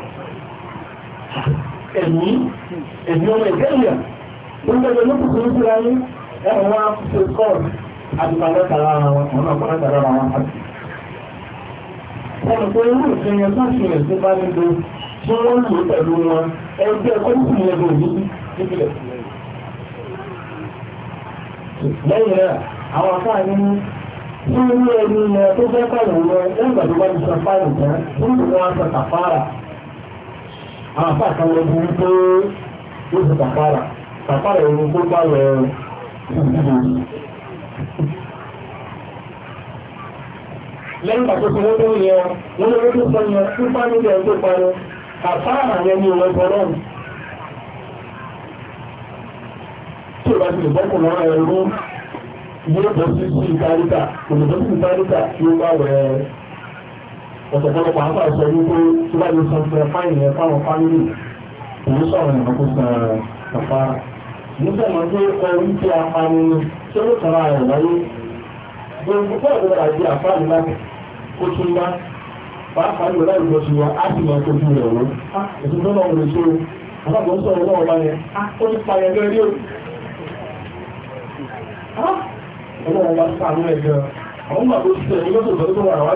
ẹ̀mí ẹ̀mí ọmọ ìkẹ́yà gbogbo ẹgbẹ́ ló kùkù ní síra yín ẹ̀wọ̀n wọn á fi ṣe kọ́ọ̀tù àti pàlẹ́ tàrà wọn ọ̀nà pàlẹ́ tàrà wọn àti ẹnì pé irú ìsinmi tó ṣe rẹ̀ sí tí wọ́n lò pẹ̀lú wọn ẹgbẹ́ kọ́ńtù yẹn lò ní ìbílẹ̀. lẹ́yìn náà àwọn afáà ní tí irú ẹni yẹn tó fẹ́ kọ̀wé wọn lẹ́gbàá tó bá ti sọ fáìlì tán tí wọ́n á sọ kàfàrà àwọn afáà kan lọ burú pé yóò sọ kàfàrà kàfàrà ẹni tó bá lọ sí lẹ́yìn pàtó tí wọ́n tó yẹ ọ wọ́n lè tó sọ yẹn tí fámìlì ẹ̀ tó parọ́ àfa àyẹ ni ìwọ̀n ẹ̀fọ́ náà tí o bá ti lè bọ́kùn náà ẹ̀rú yóò bọ́ sí sí ìtaríkà òdòdó sí ìtaríkà tí ó bá wẹ̀ ẹ́ ọ̀sọ̀pọ̀lọpọ̀ àpá sọ wípé tí wọ́n lè san fẹ́ fáyìn yẹn fáwọn fámìlì òun sọ̀rọ̀ nǹkan tó san àfa nígbà máa ń gbé ọrú tí a pa ni tí ó tọ́ra ẹ̀ wáyé gbogbo ọ̀dọ́ àti àfa ìlànà kó pàápàá jù láì sí wa á sì máa tó rẹ̀ wọ́n ah. ẹ̀sùn náà wọlé sóró alábọ̀ sọ̀rọ̀ náà wá yẹn ó ti pa yẹn lórí òkú ọlọ́run wá sáànú ẹ̀ gan àwọn ọmọ àbó ti tẹ̀lé tó wà wá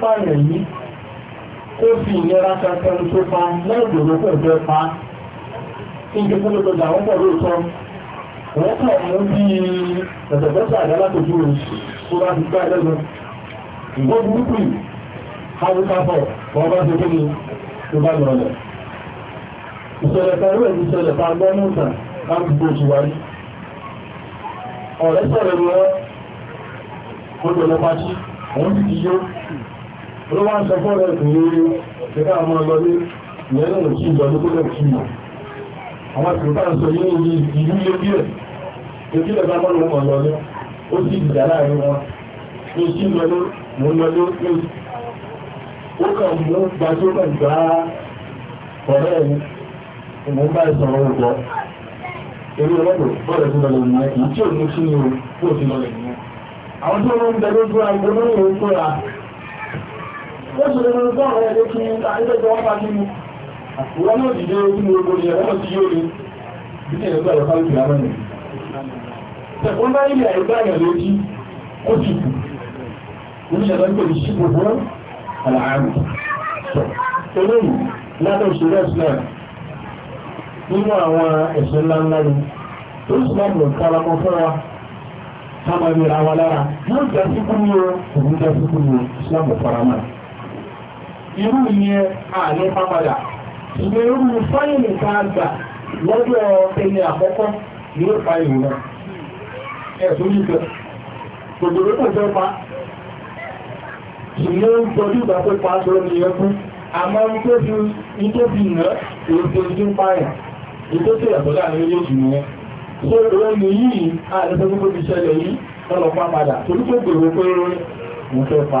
dàbà kó fi ìlera kankan tó pa lẹ́ẹ̀dọ̀dọ̀ kò fẹ́ pa kí n jẹ́ kó lọ́dọ̀ àwọn wọ́n kọ̀ mú bí ẹ̀sẹ̀gbẹ́sẹ̀ àdálà tó tó bá ti gbá ẹlẹ́nu ìwọ́n ó lọ lọ pa sí òun ló wá ń sọ fọ́ rẹ̀ kò rí ẹ̀ká àwọn ọlọ́lé ìyẹn náà ìjọdún kó lẹ́kì mọ̀ àwọn àtìkútà sọ yìí ní ìlú ilé bí ẹ̀ ó sì dìjà láàrin wọn ní sí lọlé mò ó kàn mú gbajú náà gbá Wọ́n bá ilẹ̀ ẹgbẹ́ ẹ̀yà lójí, ó sì kù, oníṣẹ̀lẹ́ pẹ̀lú sí gbogbo àlàáàrùn. Olóyìn látọ̀ ìṣẹ́lẹ̀ Islam nínú àwọn ẹ̀ṣẹ̀ ńláńlá ni, tó Islam lọ káramọ́ fún wa, ká máa rí ra wa lára, yóò jẹ́ síkú ní o, òun jẹ́ síkú ní Islam fara máa irú yẹn àní pápadà ṣùgbọ́n irú fáìlì tá gbà lọ́jọ́ ẹni àkọ́kọ́ ni ó fa ìrù ẹ̀sùn yíkẹ́ òjòrò kò fẹ́ pa ṣùgbọ́n ń tọ́jú ìgbà pé pa sọ ní ẹkún àmọ́ ní tó fi nà èdè ìdí ń pààyàn ètò tí ìyàtọ̀ láàrin méjèèjì nìyẹn tó rẹ̀ ní yìí àdẹ́sẹ́gbẹ́gbẹ́ fi ṣẹlẹ̀ yìí ọlọ́pàá padà torí pé gbèrò pé mo fẹ́ pa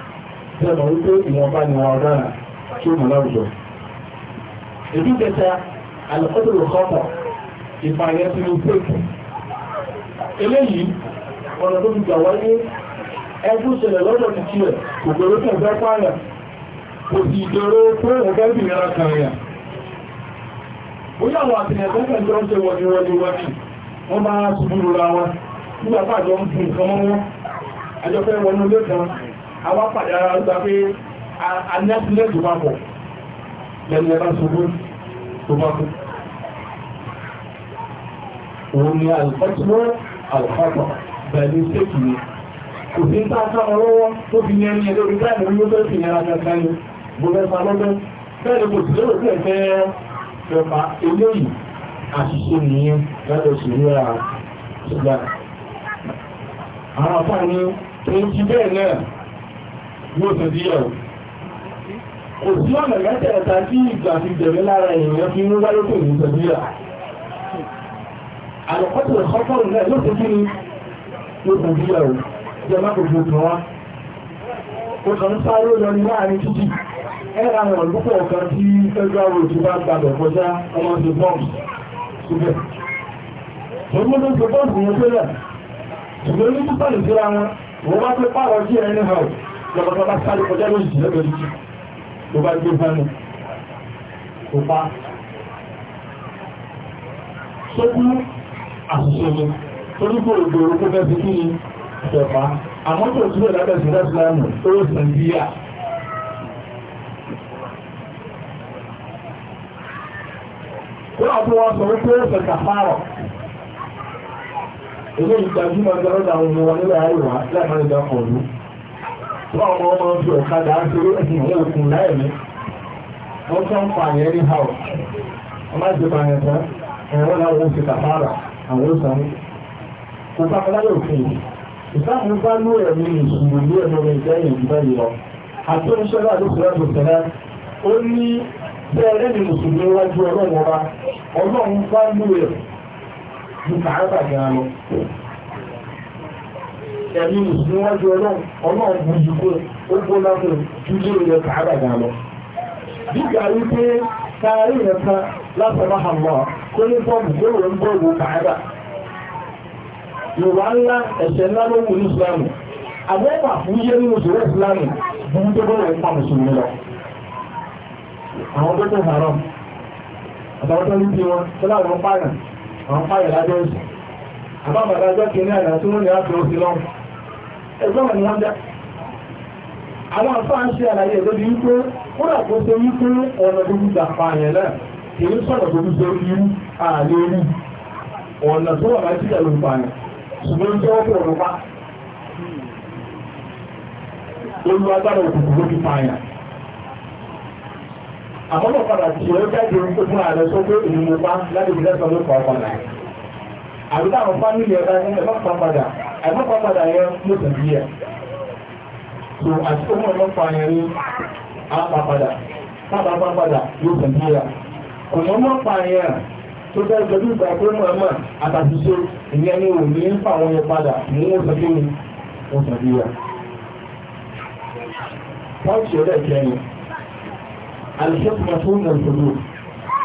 tẹ́lọ̀ wípé ìwọ̀nba ni wọn ọ̀dára tí ó mọ̀ láwùjọ. Èdè kẹta, àlùkọ́dọ̀rọ̀ kọ́pọ̀, ìpààyẹ ti ní pèkì. Eléyìí, ọ̀nà tó fi gbà wáyé, ẹkún ṣẹlẹ̀ lọ́dọ̀ ti kí ẹ̀ kò gbèrò tẹ̀ fẹ́ pààyà, kò sì ìdòrò pé òun fẹ́ bì nira kan yà. Bóyá àwọn àtìyàn tẹ́kẹ̀ tó ń ṣe wọ̀nyí wọ̀nyí wọ̀nyí, wọ́n máa ṣubú lura wọn, nígbà pàjọ ń fún nǹkan mọ́ wọn, àjọ fẹ́ wọnú lé kan, àwọn pàdé ara ń gba pé anẹ́sílẹ̀ tó bá pọ̀ lẹ́nu ẹ̀bá ṣogún tó bá kú òun ni alfẹ́tìmọ́ alfẹ́tọ̀ bẹ̀ẹ̀ni sẹ́kì ni kò sí tààtà ọlọ́wọ́ tó fi ní ẹni ẹ̀lórí láìmọ̀ ní ó fẹ́ fi yẹra kankan ni gbogbo ẹ̀fà lọ́dọ́ bẹ́ẹ̀ kò àwọn afáàní tó ti bẹ́ẹ̀ náà yóò tún sí ẹ̀wọ̀ kò sí ọ̀nà mẹ́tẹ̀ẹ̀ta tí ìgbà fi jẹ̀mí lára èèyàn fi mú wáyé tó ní sọ̀bíyà àlọ́kọ́tò ìkọ́kọ́rù náà yóò tún kí ni yóò tún sí ẹ̀wọ̀ jẹ́ má kò gbogbo wọn ó kàn ń sáré lọ ní láàrin títì ẹ̀rọ àwọn olùkọ́ ọ̀kan tí federal road ti bá gbàgbẹ̀ kọjá ọmọ ti bọ́ọ̀mù síbẹ̀ Gbogbo ló ti bọ́ọ̀mù yẹn sílẹ̀ ṣùgbọ́n ní púpọ̀ nìsíra wọn wọ́n wá pé pààrọ̀ sí ẹni house lọ́pọ̀tọ́ bá sáré kọjá ló jìnà lórí tó bá gbé fánù tó pa sókú àṣìṣe ni torí kò rò gbòòrò kó fẹ́ fi kí ni ìjọba àmọ́ tó túbọ̀ lábẹ́ sí lẹ́sìlámù ó sàn bí yà ó àbúrò wọn sọ wípé ó láwọn ọmọ fi ọ̀kadà ṣeré ẹ̀sìn ìwé òkun láẹ̀mí wọ́n tán pààyàn ní hàù ọmọ ìṣe pààyàn tán ẹ̀rọ náà wọ́n ṣe kàfàrà àwọn òṣàmú kò bá kọlá yóò fi ìsáàmù bá lú ẹ̀mí ìṣòro ní ẹ̀mí ọmọ ìjẹ́yìn ìgbà yìí lọ àti oníṣẹ́ náà ló fi rẹ́pù sẹ́lẹ̀ ó ní bí ẹ̀rẹ́ ni mùsùlùmí wájú ọlọ́run ọba ọlọ́run bá lú ẹ̀ ju kàárà gan lọ ẹ̀mí níwájú ọlọ́run ọlọ́run bú jù kó ó gbóná fún jíjẹ́ ilẹ̀ kàádà gan lọ. Dígbà wípé taari yẹn kan lásán àmọ́ kó ní fọ́ọ̀mù tó wọ́n ń bọ̀ wò kàádà. Yorùbá ńlá ẹ̀ṣẹ̀ ńlá ló wù ní Ìsìlámù. Àbẹ́pà fún yé nínú ìṣòro Ìsìlámù bú tó bọ̀ wọ́n pa Mùsùlùmí lọ. Àwọn tó tó haram. Àtàwọn tó ń bí wọn, tó láwọn pààyàn, àwọn pààyàn lájọ́ ẹ̀gbọ́n ni wọ́n dá àwọn àfáà ń ṣe àlàyé ẹ̀dọ́ di wípé ó rà tó ṣe wípé ọ̀nà tó gbígbà pààyàn náà kì í sọ̀rọ̀ tó ṣe yí ààrẹ orí ọ̀nà tó wà láti ṣe ẹ̀rù pààyàn ṣùgbọ́n tí wọ́n fi ọ̀rọ̀ pa olú agbára òkùnkùn ló fi pààyàn àmọ́ lọ́padà tí ó jáde ó fún ààrẹ sọ pé ìlú mo pa láti fi lẹ́sọ̀ọ́ ló pa ọ̀pọ̀ àbíká àwọn fámílì ẹ̀bá ní ẹ̀mọ́pàá padà ẹ̀mọ́pàá padà ló tẹ̀lé ẹ̀ so àti ọmọ ẹ̀mọ́pàá yẹn ní àpá ló tẹ̀lé ẹ̀ kò mọ́ mọ́pàá yẹn tó bẹ́ẹ̀ pẹ̀lú ìgbà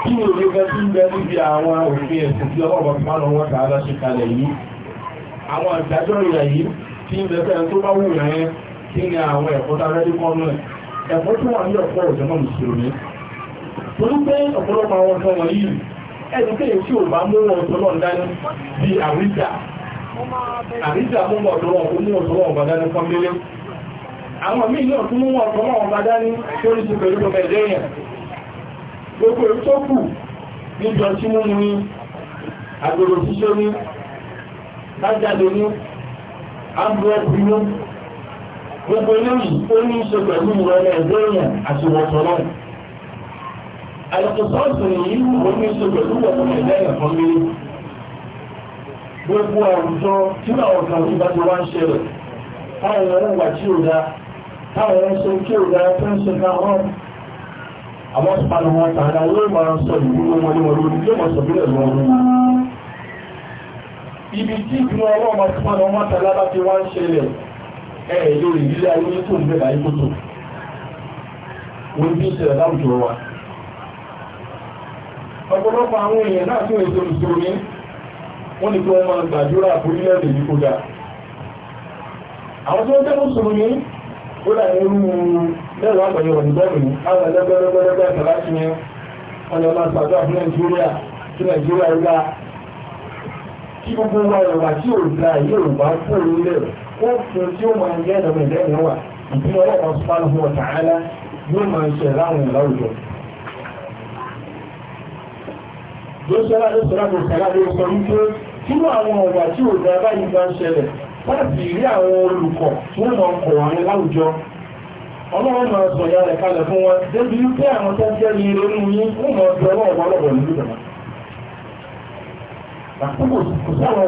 kí o ló fẹ́ tí ń bẹ níbi àwọn òfin ẹ̀sìn tí ọlọ́pàá fi máa lọ wọ́n tàà láṣẹ kalẹ̀ yìí àwọn ìdájọ́ ìyà yìí tí ń bẹ fẹ́ tó bá wù rẹ̀ kí ni àwọn ẹ̀kọ́ tàbí kọ́nù ẹ̀ ẹ̀kọ́ tó wà ní ọ̀pọ̀ òjò náà mùsùlùmí torí pé ọ̀pọ̀lọpọ̀ àwọn ọ̀sán wọn yìí ẹni pé èyí tí ò bá mú wọn ọ̀tọ̀ náà dání bí àríjà àríjà mú wọn ọ̀tọ̀ wọn mú ọ̀tọ̀ wọn bàdá ní pọ́nbélé àwọn míì náà tún mú wọn ọ̀tọ̀ wọn bàdá ní tó ní ti pẹ̀lú ọmọ ẹ̀dẹ́yìn gbogbo èyí tó kù níjọ tí mú ní agbèrò ṣíṣe ní lájáde ní ámbúrẹ́bù ní gbogbo eléyìí ó ní ṣe pẹ̀lú ìrọ̀lẹ́ ẹ̀dẹ́ èèyàn àti ìwọ̀sọ̀ náà àìsọ̀sọ́ọ̀sì nìyí ó ní ṣe pẹ̀lú ìwọ̀sọ̀ ẹ̀dẹ́ èèyàn kan lé gbogbo àwùjọ tí àwọn kan tí bá ti wá ń ṣẹlẹ̀ táwọn ẹ̀rọ wà tí ò dáa táwọn ẹ̀rọ ṣe kí ò dáa tó ń ṣe káwọn àwọn ìpanu wọn tààdà wọ́n máa sọ ìdúró wọn ní wọn lórí yóò máa sọ bí ẹ̀rọ wọn ibi tí ìbínú ọlọ́mọ ìpanu wọn tààdà bá ti wá ń ṣẹlẹ̀ ẹ̀rẹ̀ lórí ilé ayé tó ń bẹ̀rẹ̀ ayé tó tó wọ́n bí ìṣẹ̀lẹ̀ láwùjọ wa ọ̀pọ̀lọpọ̀ àwọn èèyàn náà tún èso ìṣòrí wọ́n ní kí wọ́n máa gbàdúrà fún ilẹ̀ ìdíkódà àwọn tó ń tẹ́ ó dà ní irú lẹ́rọ àpẹẹrẹ ọ̀dùnbẹ́rù ní àwọn ẹlẹ́gbẹ́rẹ́gbẹ́rẹ́gbẹ́ ẹ̀sẹ̀ láti ní ọjọ́ máa ṣàdúrà fún nàìjíríà tí nàìjíríà ń gbà kí gbogbo wa ìrọ̀bà tí ò da yóò bá kó nílẹ̀ ó fún tí ó máa ń yẹ́ ẹ̀dọ̀mọ̀ ìlẹ́yìn wà ìpínlẹ̀ ọlọ́pàá subhanahu wa ta'ala yóò máa ń ṣe láwọn ìlàwùjọ. lóṣèlú àdéṣọ́lá kò sàlá ló sọ wípé nínú àwọn ọ̀wà tí ò da báyìí bá ń ṣẹlẹ̀ láti rí àwọn olùkọ́ wọ́n mọ̀ ọkọ̀ wọn láwùjọ ọlọ́run máa sọ ìyá rẹ̀ kalẹ̀ fún wọn débi wípé àwọn tó jẹ́ ní ilé yín wọ́n mọ̀ ọjọ́ ọlọ́run wọn lọ́bọ̀ ní ọlọ́run lórí rẹ̀ mọ́ni kò sáwọn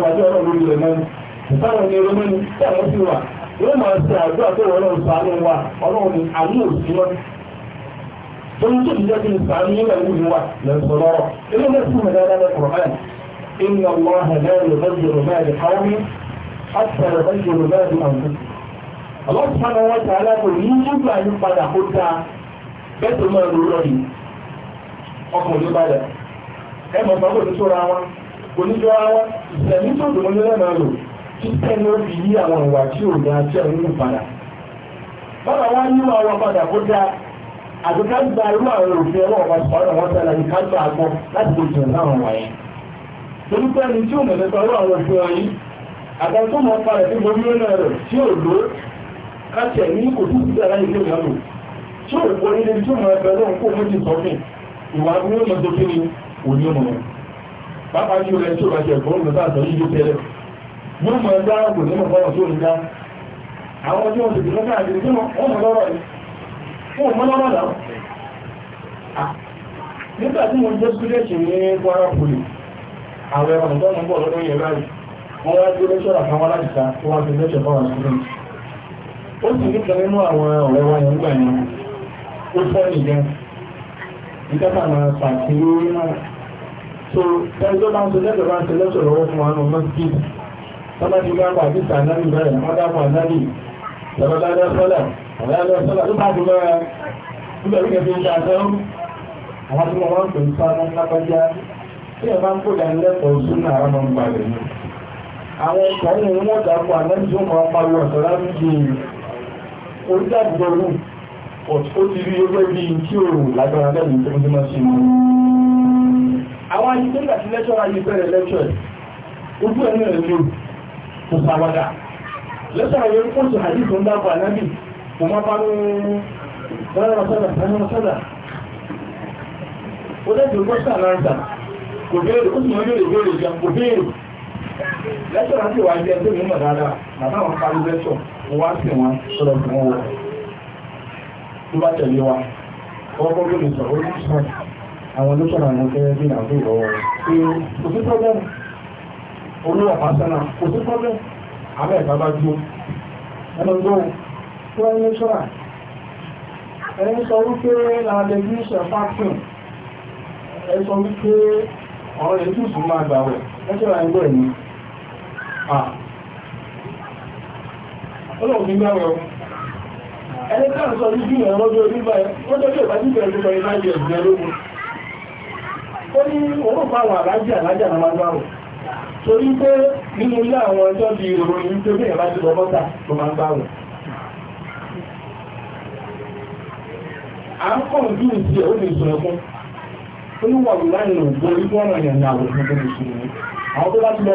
ní máa ṣe àdúrà tó àti ẹ̀rọ ìṣòro náà ní àwọn ọlọ́sùnmọ́nà wọn tà aláàbò ní nígbà yí padà kó ta bẹ́ẹ̀ tó máa lò lọ́ọ̀dì ọkùnrin balẹ̀ ẹ mọ̀ sọ́kò tó tóra wọn oníjọ́ wọn ìsẹ̀mí tó dùn mọ́lẹ́ náà lò tí tẹ́ni ó fi yí àwọn ìwà tí ò dáa tí ẹ̀rọ ń padà bọ́lá wọn ní wọn wọn padà kó àti ká gba irú àwọn òfin ọlọ́wọ́ wọn sọ̀rọ̀ wọn tẹ̀lé ní ká gbà gbọ́ láti lè jẹun láwọn wọ̀nyẹn torí pé ẹni tí ò mọ̀ àtàkùn máa fa ẹ̀fí borí lọ́nà rẹ̀ tí ò ló káṣẹ̀ ní kò tún sí ara ìlú ìyàlò tí ò pọ̀ nílé tí ó máa ẹgbẹ́ lọ́n kó méjì sọ́fìn ìwà ní ó mọ̀ tó kí ni òní ọmọ rẹ̀ pápá tí nígbà tí mo jẹ́ sílẹ̀ ṣe ní Kwara poli àwọn ẹ̀kọ́ tó bọ̀ lọ́dún yẹn wọ́n wá dúró lẹ́ṣọ́rọ̀ àwọn alájìta tó wá fi lẹ́ṣọ̀ fọ́wọ́ sílẹ̀ ó sì ní kan nínú àwọn ọ̀rẹ́ wa yẹn gbà yẹn ó fọ́ nìyẹn ìjọba máa pàṣírí náà so tẹ́jọ́ bá ń sọ lẹ́jọ́ bá ń sọ lẹ́ṣọ̀ lọ́wọ́ fún wa nù mọ́síd sábà ti gbàgbà àti sànárì bẹ́ẹ̀ wọ́n dákọ̀ ànárì lọ́dọ́dọ́ sọ́lá ọ̀dọ́dọ́ sọ́lá tó bá ti mọ́ ẹ nígbà tí kẹfì ń ta àtẹ́wọ́ àwọn tí bá ń àwọn ẹ̀kọ́ ní wọ́n dákọ̀ àmẹ́jọ́ máa pariwo ọ̀sọ̀rá ń jẹ èrè orílẹ̀-èdè ó ti rí ẹgbẹ́ bí i tí òòrùn lágbára lẹ́yìn tó ti máa ṣe mú àwọn ajínigbà ti lẹ́ṣọ́ ayé bẹ̀rẹ̀ lẹ́ṣọ́ ẹ̀ ojú kò sàwádà ó sì hàjí tó ń dákọ̀ ànábì kò má lẹ́tọ̀ láti wá jẹ́ tó mímọ̀ dáadáa bàbá wọn parí lẹ́tọ̀ wá si nwa sọ̀rọ̀ fún wọn tó bá tẹ̀lé wa ọkọ̀ tó lè sọ̀rọ̀ ní sọ̀rọ̀ àwọn ló sọ̀rọ̀ àwọn fẹ́ bí àwọn ìwọ̀ ọrụ pé kò ọlọ́run nígbà rẹ̀ ẹni káà sọ ní jùlọ ọlọ́dún orí báyẹ̀ wọ́n tẹ́lẹ̀ torí pé nínú ilé àwọn ọjọ́ di ìròyìn tó bí ẹ̀bá ti tó máa ń ń ojú ẹ̀ ó lè sọ ó ní láìlò àwọn tó bá ti lọ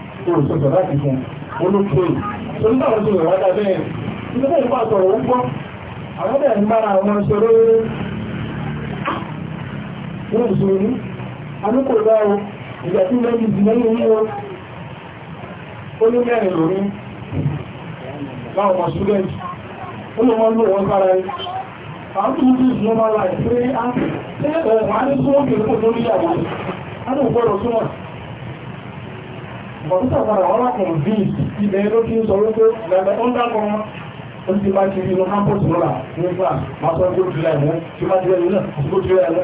olùsọ̀tọ̀ láti fún olóògbé tó ń báwọn tó rọ̀wá dábẹ́ ẹ̀ tí ó bẹ́ẹ̀ pàtọ̀ ó gbọ́ àwọn bẹ́ẹ̀ ń bára àwọn ṣọ́rọ́ wọ́n ìṣòro ní alúkò dáwọ́ ìgbà tí lẹ́yìn ìdí lẹ́yìn ní wọn ó ní mẹ́rin lórí láwọn ọmọ student ó lọ wọ́n lò wọ́n sára ẹ̀ àwọn tó ń bí ìṣúná máa láì pé á tẹ́lẹ̀ ọ̀hún á ní sọ́ọ́kì lókò lórí àwọn adùn gbọ́dọ̀ súnmọ̀ Ọ̀tútà padà wọ́n lápọ̀ bí ibẹ̀ ló kí ń sọ wípé lẹ́gbẹ̀ tó ń dákọ̀ wọn. Ó ti máa ti rí inú campus lọ́la nígbà máa sọ pé ó jùlọ ẹ̀mú, tí máa jùlọ ẹ̀mú náà, ó jùlọ ẹ̀mú.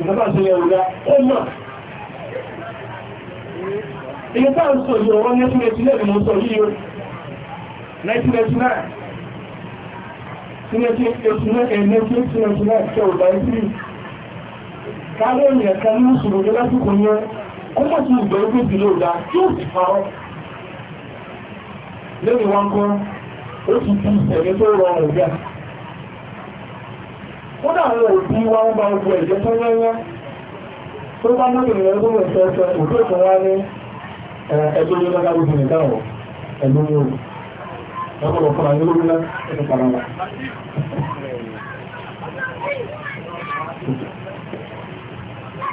Ìjọba ṣe yẹ òyà, ó mọ̀. Ilé táà ń sọ yìí ọ̀rọ̀ ní ẹ̀sùn ẹ̀sùn lẹ́bi mo sọ yìí o. 1999. Sílẹ̀ tí ẹ̀sùn náà ẹ̀ 1999 ṣe ò ó mọ̀ sí ìgbẹ̀ ojú ti ló dá tí ó sì parọ́ lẹ́yìn wọn kọ́ ó ti fi ẹ̀mí tó rọrùn gbà ó dà àwọn òbí wa ń ba ogun ẹ̀jẹ̀ tó yẹ́yẹ́ tó bá mọ́ ìrìnlẹ̀ tó rẹ̀ sẹ́ẹ̀sẹ̀ òkú ètò wá ní ẹgbẹ́ orí lọ́gá gbogbo nìkan ọ̀ ẹgbẹ́ orí lọ́gá gbogbo nìkan ọ̀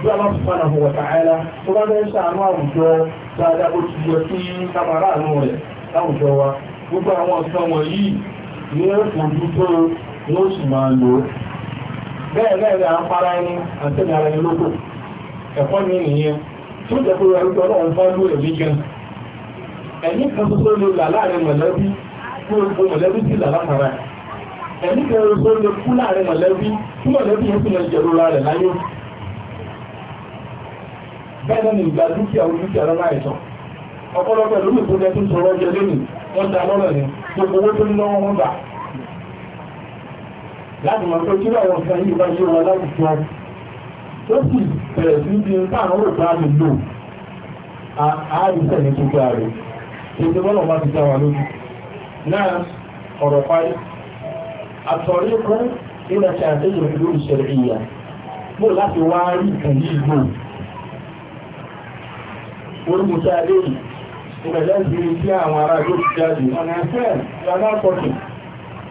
bí a máa fi fana hùwà tààlà tó bá fẹ́ sàánú àwùjọ dáadáa ó ti yọ sí kámàrà àánú rẹ̀ láwùjọ wa gbogbo àwọn ọ̀sán wọ̀nyí ní ojú tó ní ó sì máa lò ó bẹ́ẹ̀ bẹ́ẹ̀ ni à ń para ẹni àtẹ́ni ara ẹni lókò ẹ̀kọ́ mi nìyẹn tí ó jẹ́ pé ẹrúgbọ́ náà ń bá lú ẹ̀mí gan ẹ̀mí kan tó lè là láàrin mọ̀lẹ́bí tí gbogbo mọ̀lẹ́bí sì là látara ẹ̀mí kan tó lè kú láàrin mọ̀lẹ́bí tí mọ̀lẹ́bí yẹn sì lè jẹ̀rọ rẹ̀ láyé bẹ́ẹ̀ ni ìgbà dúkìá olùdúkìá lọ́nà àìsàn ọ̀pọ̀lọpọ̀ ìlú ìpínlẹ̀ tó sọ̀rọ̀ ọjọ́ lónìí wọ́n dá lọ́rọ̀ ní gbogbo owó tó ní lọ́wọ́ wọn gbà láti mọ̀ pé kí àwọn ọ̀sán yìí bá yé wọn láwùjọ ó sì bẹ̀rẹ̀ sí bí nípa àwọn òkúta lè lò àárísẹ̀ ní gbogbo ààrẹ ètò bọ́lá láti wá rí ìtàn yìí gbòó orúmùsá adéyìn ìpẹ̀lẹ́ ìbìrì tí àwọn ará tó ti jáde ọ̀nà ẹ̀fẹ́ ìrànà pọ̀tù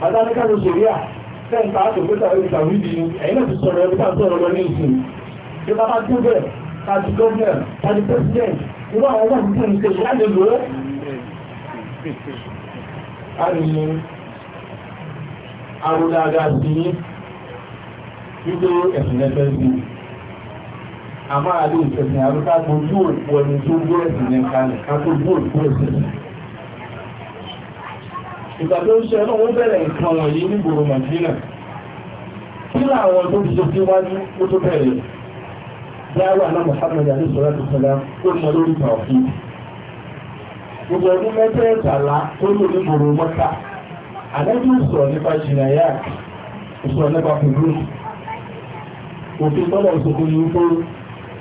adáníkàtò sòríà fẹ́ǹtà àtòkútà ìrìnà wídí ẹ̀yìn náà ti sọ̀rọ̀ ẹ̀bíkà sọ̀rọ̀ lọ ní ìsìn tí bá bá tún bẹ̀ tàbí gọ́ọ̀nà tàbí pẹ́sidẹ̀ntì irú àwọn wípé ẹ̀sìn ẹgbẹ́ sí a máa ló ìfẹ̀sìn àrúkà tó ojú òpó ẹni tó gbé ẹ̀sìn ní kalẹ̀ ká tó ojú òpó ẹ̀sìn ìgbà tó ń ṣe náà ó bẹ̀rẹ̀ nǹkan wọ̀nyí ní gbòòrò Nàìjíríà kí làwọn tó ti ṣe síwájú ó tó bẹ̀rẹ̀ dáwà náà Muhammad alẹ́ sọ́lá tó sọ́lá ó mọ lórí tàwọ́fì gbogbo ọdún mẹ́tẹ́ẹ̀tàlá tó lò ní gbòòrò mọ́ta àdájú sọ̀rọ̀ nípa jìnnàyà ìsọ̀rọ̀ nípa pẹ̀lú òfin tọ́lọ̀ ìsòkò ní wípé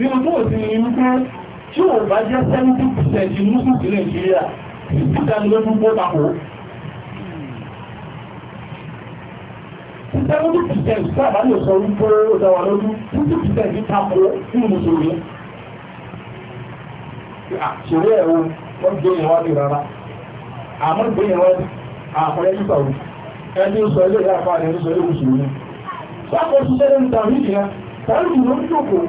nínú tó ò sí ní wípé tí ò bá jẹ́ 70% inú sùn sí nàìjíríà ìdánilójú bó tako 70% sábà lè sọ wípé ó dáwà lójú 50% ní tako nínú mùsùlùmí ṣeré ẹni sọ ìyá àpá ẹni sọ ilé mùsùlùmí sáàkó ṣiṣẹ́ lẹ́nu tàbí tàbí ìjìnà ń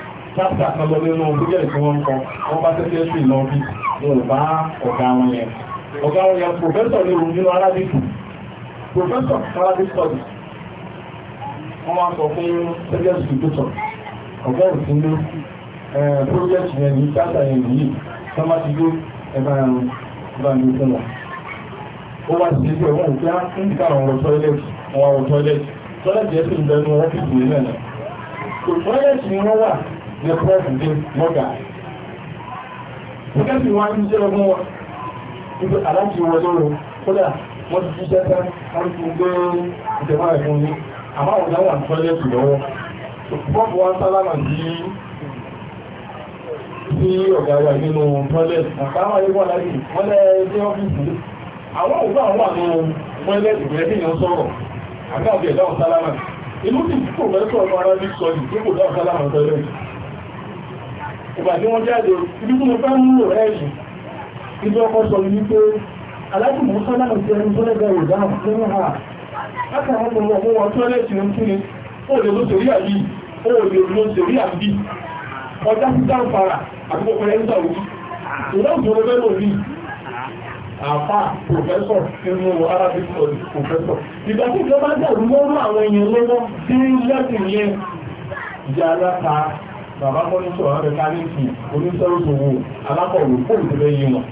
chapter kan lọ nínú olúgbẹ́ ìfowó nǹkan wọ́n bá tẹ́tẹ́ sí lọ bí ọ̀gá wọn yẹn ọ̀gá wọn yẹn professor ní òun nínú arábìkù professor arabic studies wọ́n wá sọ fún tẹ́tẹ́ sí tuntun ọ̀gá òsín ní project yẹn ní chapter the person did not die. Gẹ́gẹ́ bí wọ́n ń jẹ́ ọmọ wọn, ibi aláàjì wọ lóòrò, kódà wọ́n ti jíṣẹ́ tán, wọ́n ti gbé ìjọba ẹ̀fún ní, àmá òun láwọn àtúnṣọ́lẹ̀ jù lọ́wọ́. Bọ́ọ̀bù wọn sálámà sí sí ọ̀gá wa nínú toilet. Àkáwọn ẹgbọ́n láti wọ́n lẹ́ ẹgbẹ́ ọ́fíìsì. Àwọn òun náà wà nínú toilet ìgbẹ́ tí èèyàn sọ̀rọ̀. Àgbà ọ̀gẹ̀ dáhùn sálámà. Ìlú ti kò mẹ́sọ̀ ọmọ arábí sọ ìgbé kò dáhùn sálámà toilet ìgbà tí wọ́n jáde ibi tí mo fẹ́ mú rẹ̀ yìí ibi ọkọ̀ sọ yìí pé alájùmọ̀ sọ́lá ti ẹni tó lẹ́gbẹ̀ẹ́ rẹ̀ dáhùn fún ha láti àwọn ọmọ ọmọ wọn tó lẹ́sìn ní kí ni ó lè ló sèrí àbí ó lè ló sèrí àbí ọjà sí dáǹfàrà àti gbogbo ẹni sọ yìí ìlú ìjọba bẹ́ẹ̀ lòdì àfà pòfẹ́sọ̀ nínú Arabic studies pòfẹ́sọ̀ ìgbà tí ìjọba jẹ́ àrùmọ́rú àwọn èèyàn lọ́wọ́ sí lẹ́kùn yẹn jẹ́ aláta bàbá kọ́níṣọ̀ mẹkáníìkì oníṣẹ́rùsòwò alákọ̀wé fóònù tó lẹ́yìn wọn.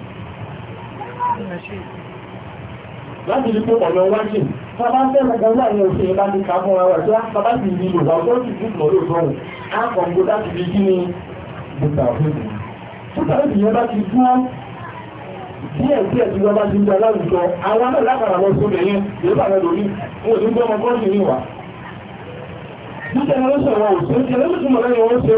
láti rí pé ọ̀nà wájì bàbá fẹ́ràn gbogbo àwọn òfin bá ti kà ara rẹ̀ bàbá ti di ìlú àwọn tó ti dùn lórí ìtọ́rùn láti di kí ni gbogbo àwọn náà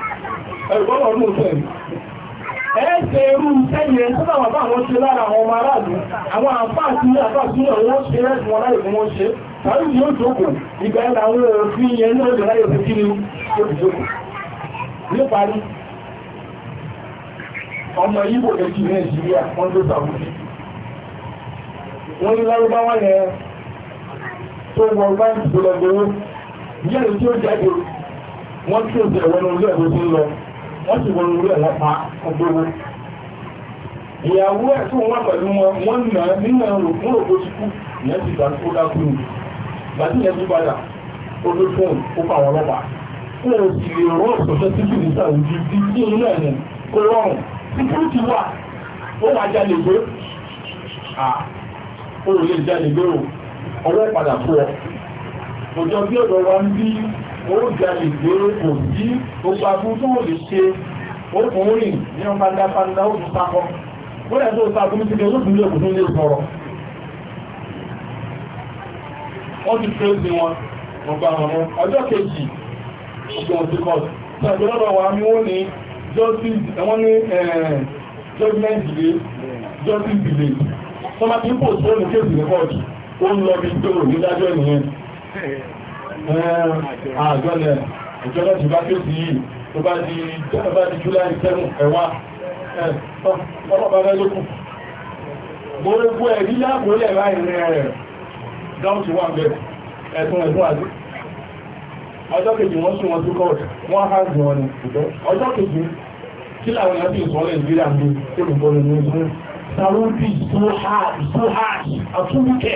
ẹ̀gbọ́n ọdún fẹ̀rẹ̀ ẹ̀ẹ́sẹ̀ irú tẹ́yẹ sọ́nà bàbá àwọn ṣe lára àwọn ọmọ aráàlú àwọn àfáàtí àfáàtúnà wọ́n ṣe rẹ́sì wọn láyé fún wọn ṣe tàbí yóò jókòó ìgbà ẹ̀lá àwọn òfin yẹn ní ọjọ́ láyé fún kí ni ó ti jókòó ní parí ọmọ Ìgbò méjì Nàìjíríà wọ́n tó sàwùjì wọ́n ní lárúbáwá yẹn tó wọ báńkì tó lọ gbowó yẹ́rù tí ó jáde wọ́n tí ó tẹ̀wọ́n lórí ẹ̀kọ́ tó ń lọ wọ́n sì wọ́n orí ẹ̀wọ́n pa ọgbọ́wọ́ ìyàwó ẹ̀ tó wọ́n pẹ̀lú wọn wọ́n nà nínú ẹ̀rọ fún òkú síkú ìyẹn ti gbà tó dákú nù gbàtí ìyẹn tó padà ó ló fóun ó pa àwọn ọlọ́pàá fún òsì lè rọ́ ọ̀sọ̀tọ̀ títí ní sàwùjú bí sí inú ẹ̀ nù kó rọrùn títí ti wà ó wà jáde gbé à ó lè jáde gbé o ọwọ́ padà fún ọ òjò bí ọ̀dọ̀ wa ń bí ó jalè gbé òjí gbogbo abúrú tó lè ṣe ọkùnrin ní ọmọ adáfandá ó ti sákọ́ wọ́n yẹ́ tó sákọ́ ti kẹ́ lókùn lè kùn lè sọ̀rọ̀ wọ́n ti fẹ́ sí wọn ọgbà àwọn ọjọ́ kejì ọjọ́ ti kọ́ ṣàgbẹ́lọ́rọ̀ wa ní wọ́n ní judgment delay justice delay tọ́mà tí pò tó ní kéèsì ní kọ́ọ̀tù ó ń lọ bí gbèrò nídájọ́ ìnìyàn àjọ́lẹ̀ ìjọ́lẹ̀ tí bá kí sí yìí tó bá di jẹ́lẹ̀bá di july 7 ẹ̀wà ọlọ́bàrẹ́lókùn gbogbo ẹ̀rí láàbòlẹ̀ láìrẹ̀ rẹ̀ down to one bed ẹ̀tún ẹ̀tún àti ọjọ́ kejì wọ́n sún wọn tó kọ́ wọ́n há jù wọn ni ọjọ́ kejì kí làwọn èèyàn sì sọ nàìjíríà ń bí olùgbọ́n ní ìlú saudi so hard so hard àtúnkẹ́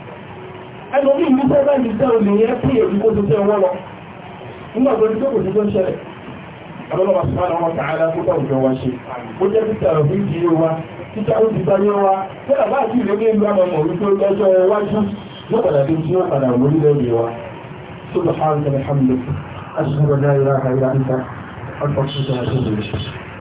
ẹlòmí ìlú sẹ́fẹ́ ìjẹ́ olè yẹn sí èyí kó tó tẹ́ wọ́n lọ nígbà tó ti tó kò sí tó ń ṣẹlẹ̀ ọlọ́wà sọ́nà wọn tààrà kó tọ́ òjò wa ṣe ó jẹ́ títà òbí di wa títà ó ti sáyé wa tó dàbá àti ìlú ní ìlú àmọ́ òbí tó lọ́jọ́ iwájú yóò padà bí tí wọ́n padà wọlé lẹ́yìn wa tó lọ́ fáwọn tẹ̀lé hàmìlẹ́ aṣọ́gbọ̀n náà yóò rà àyà ń ta ọ̀pọ̀ tó tẹ̀lé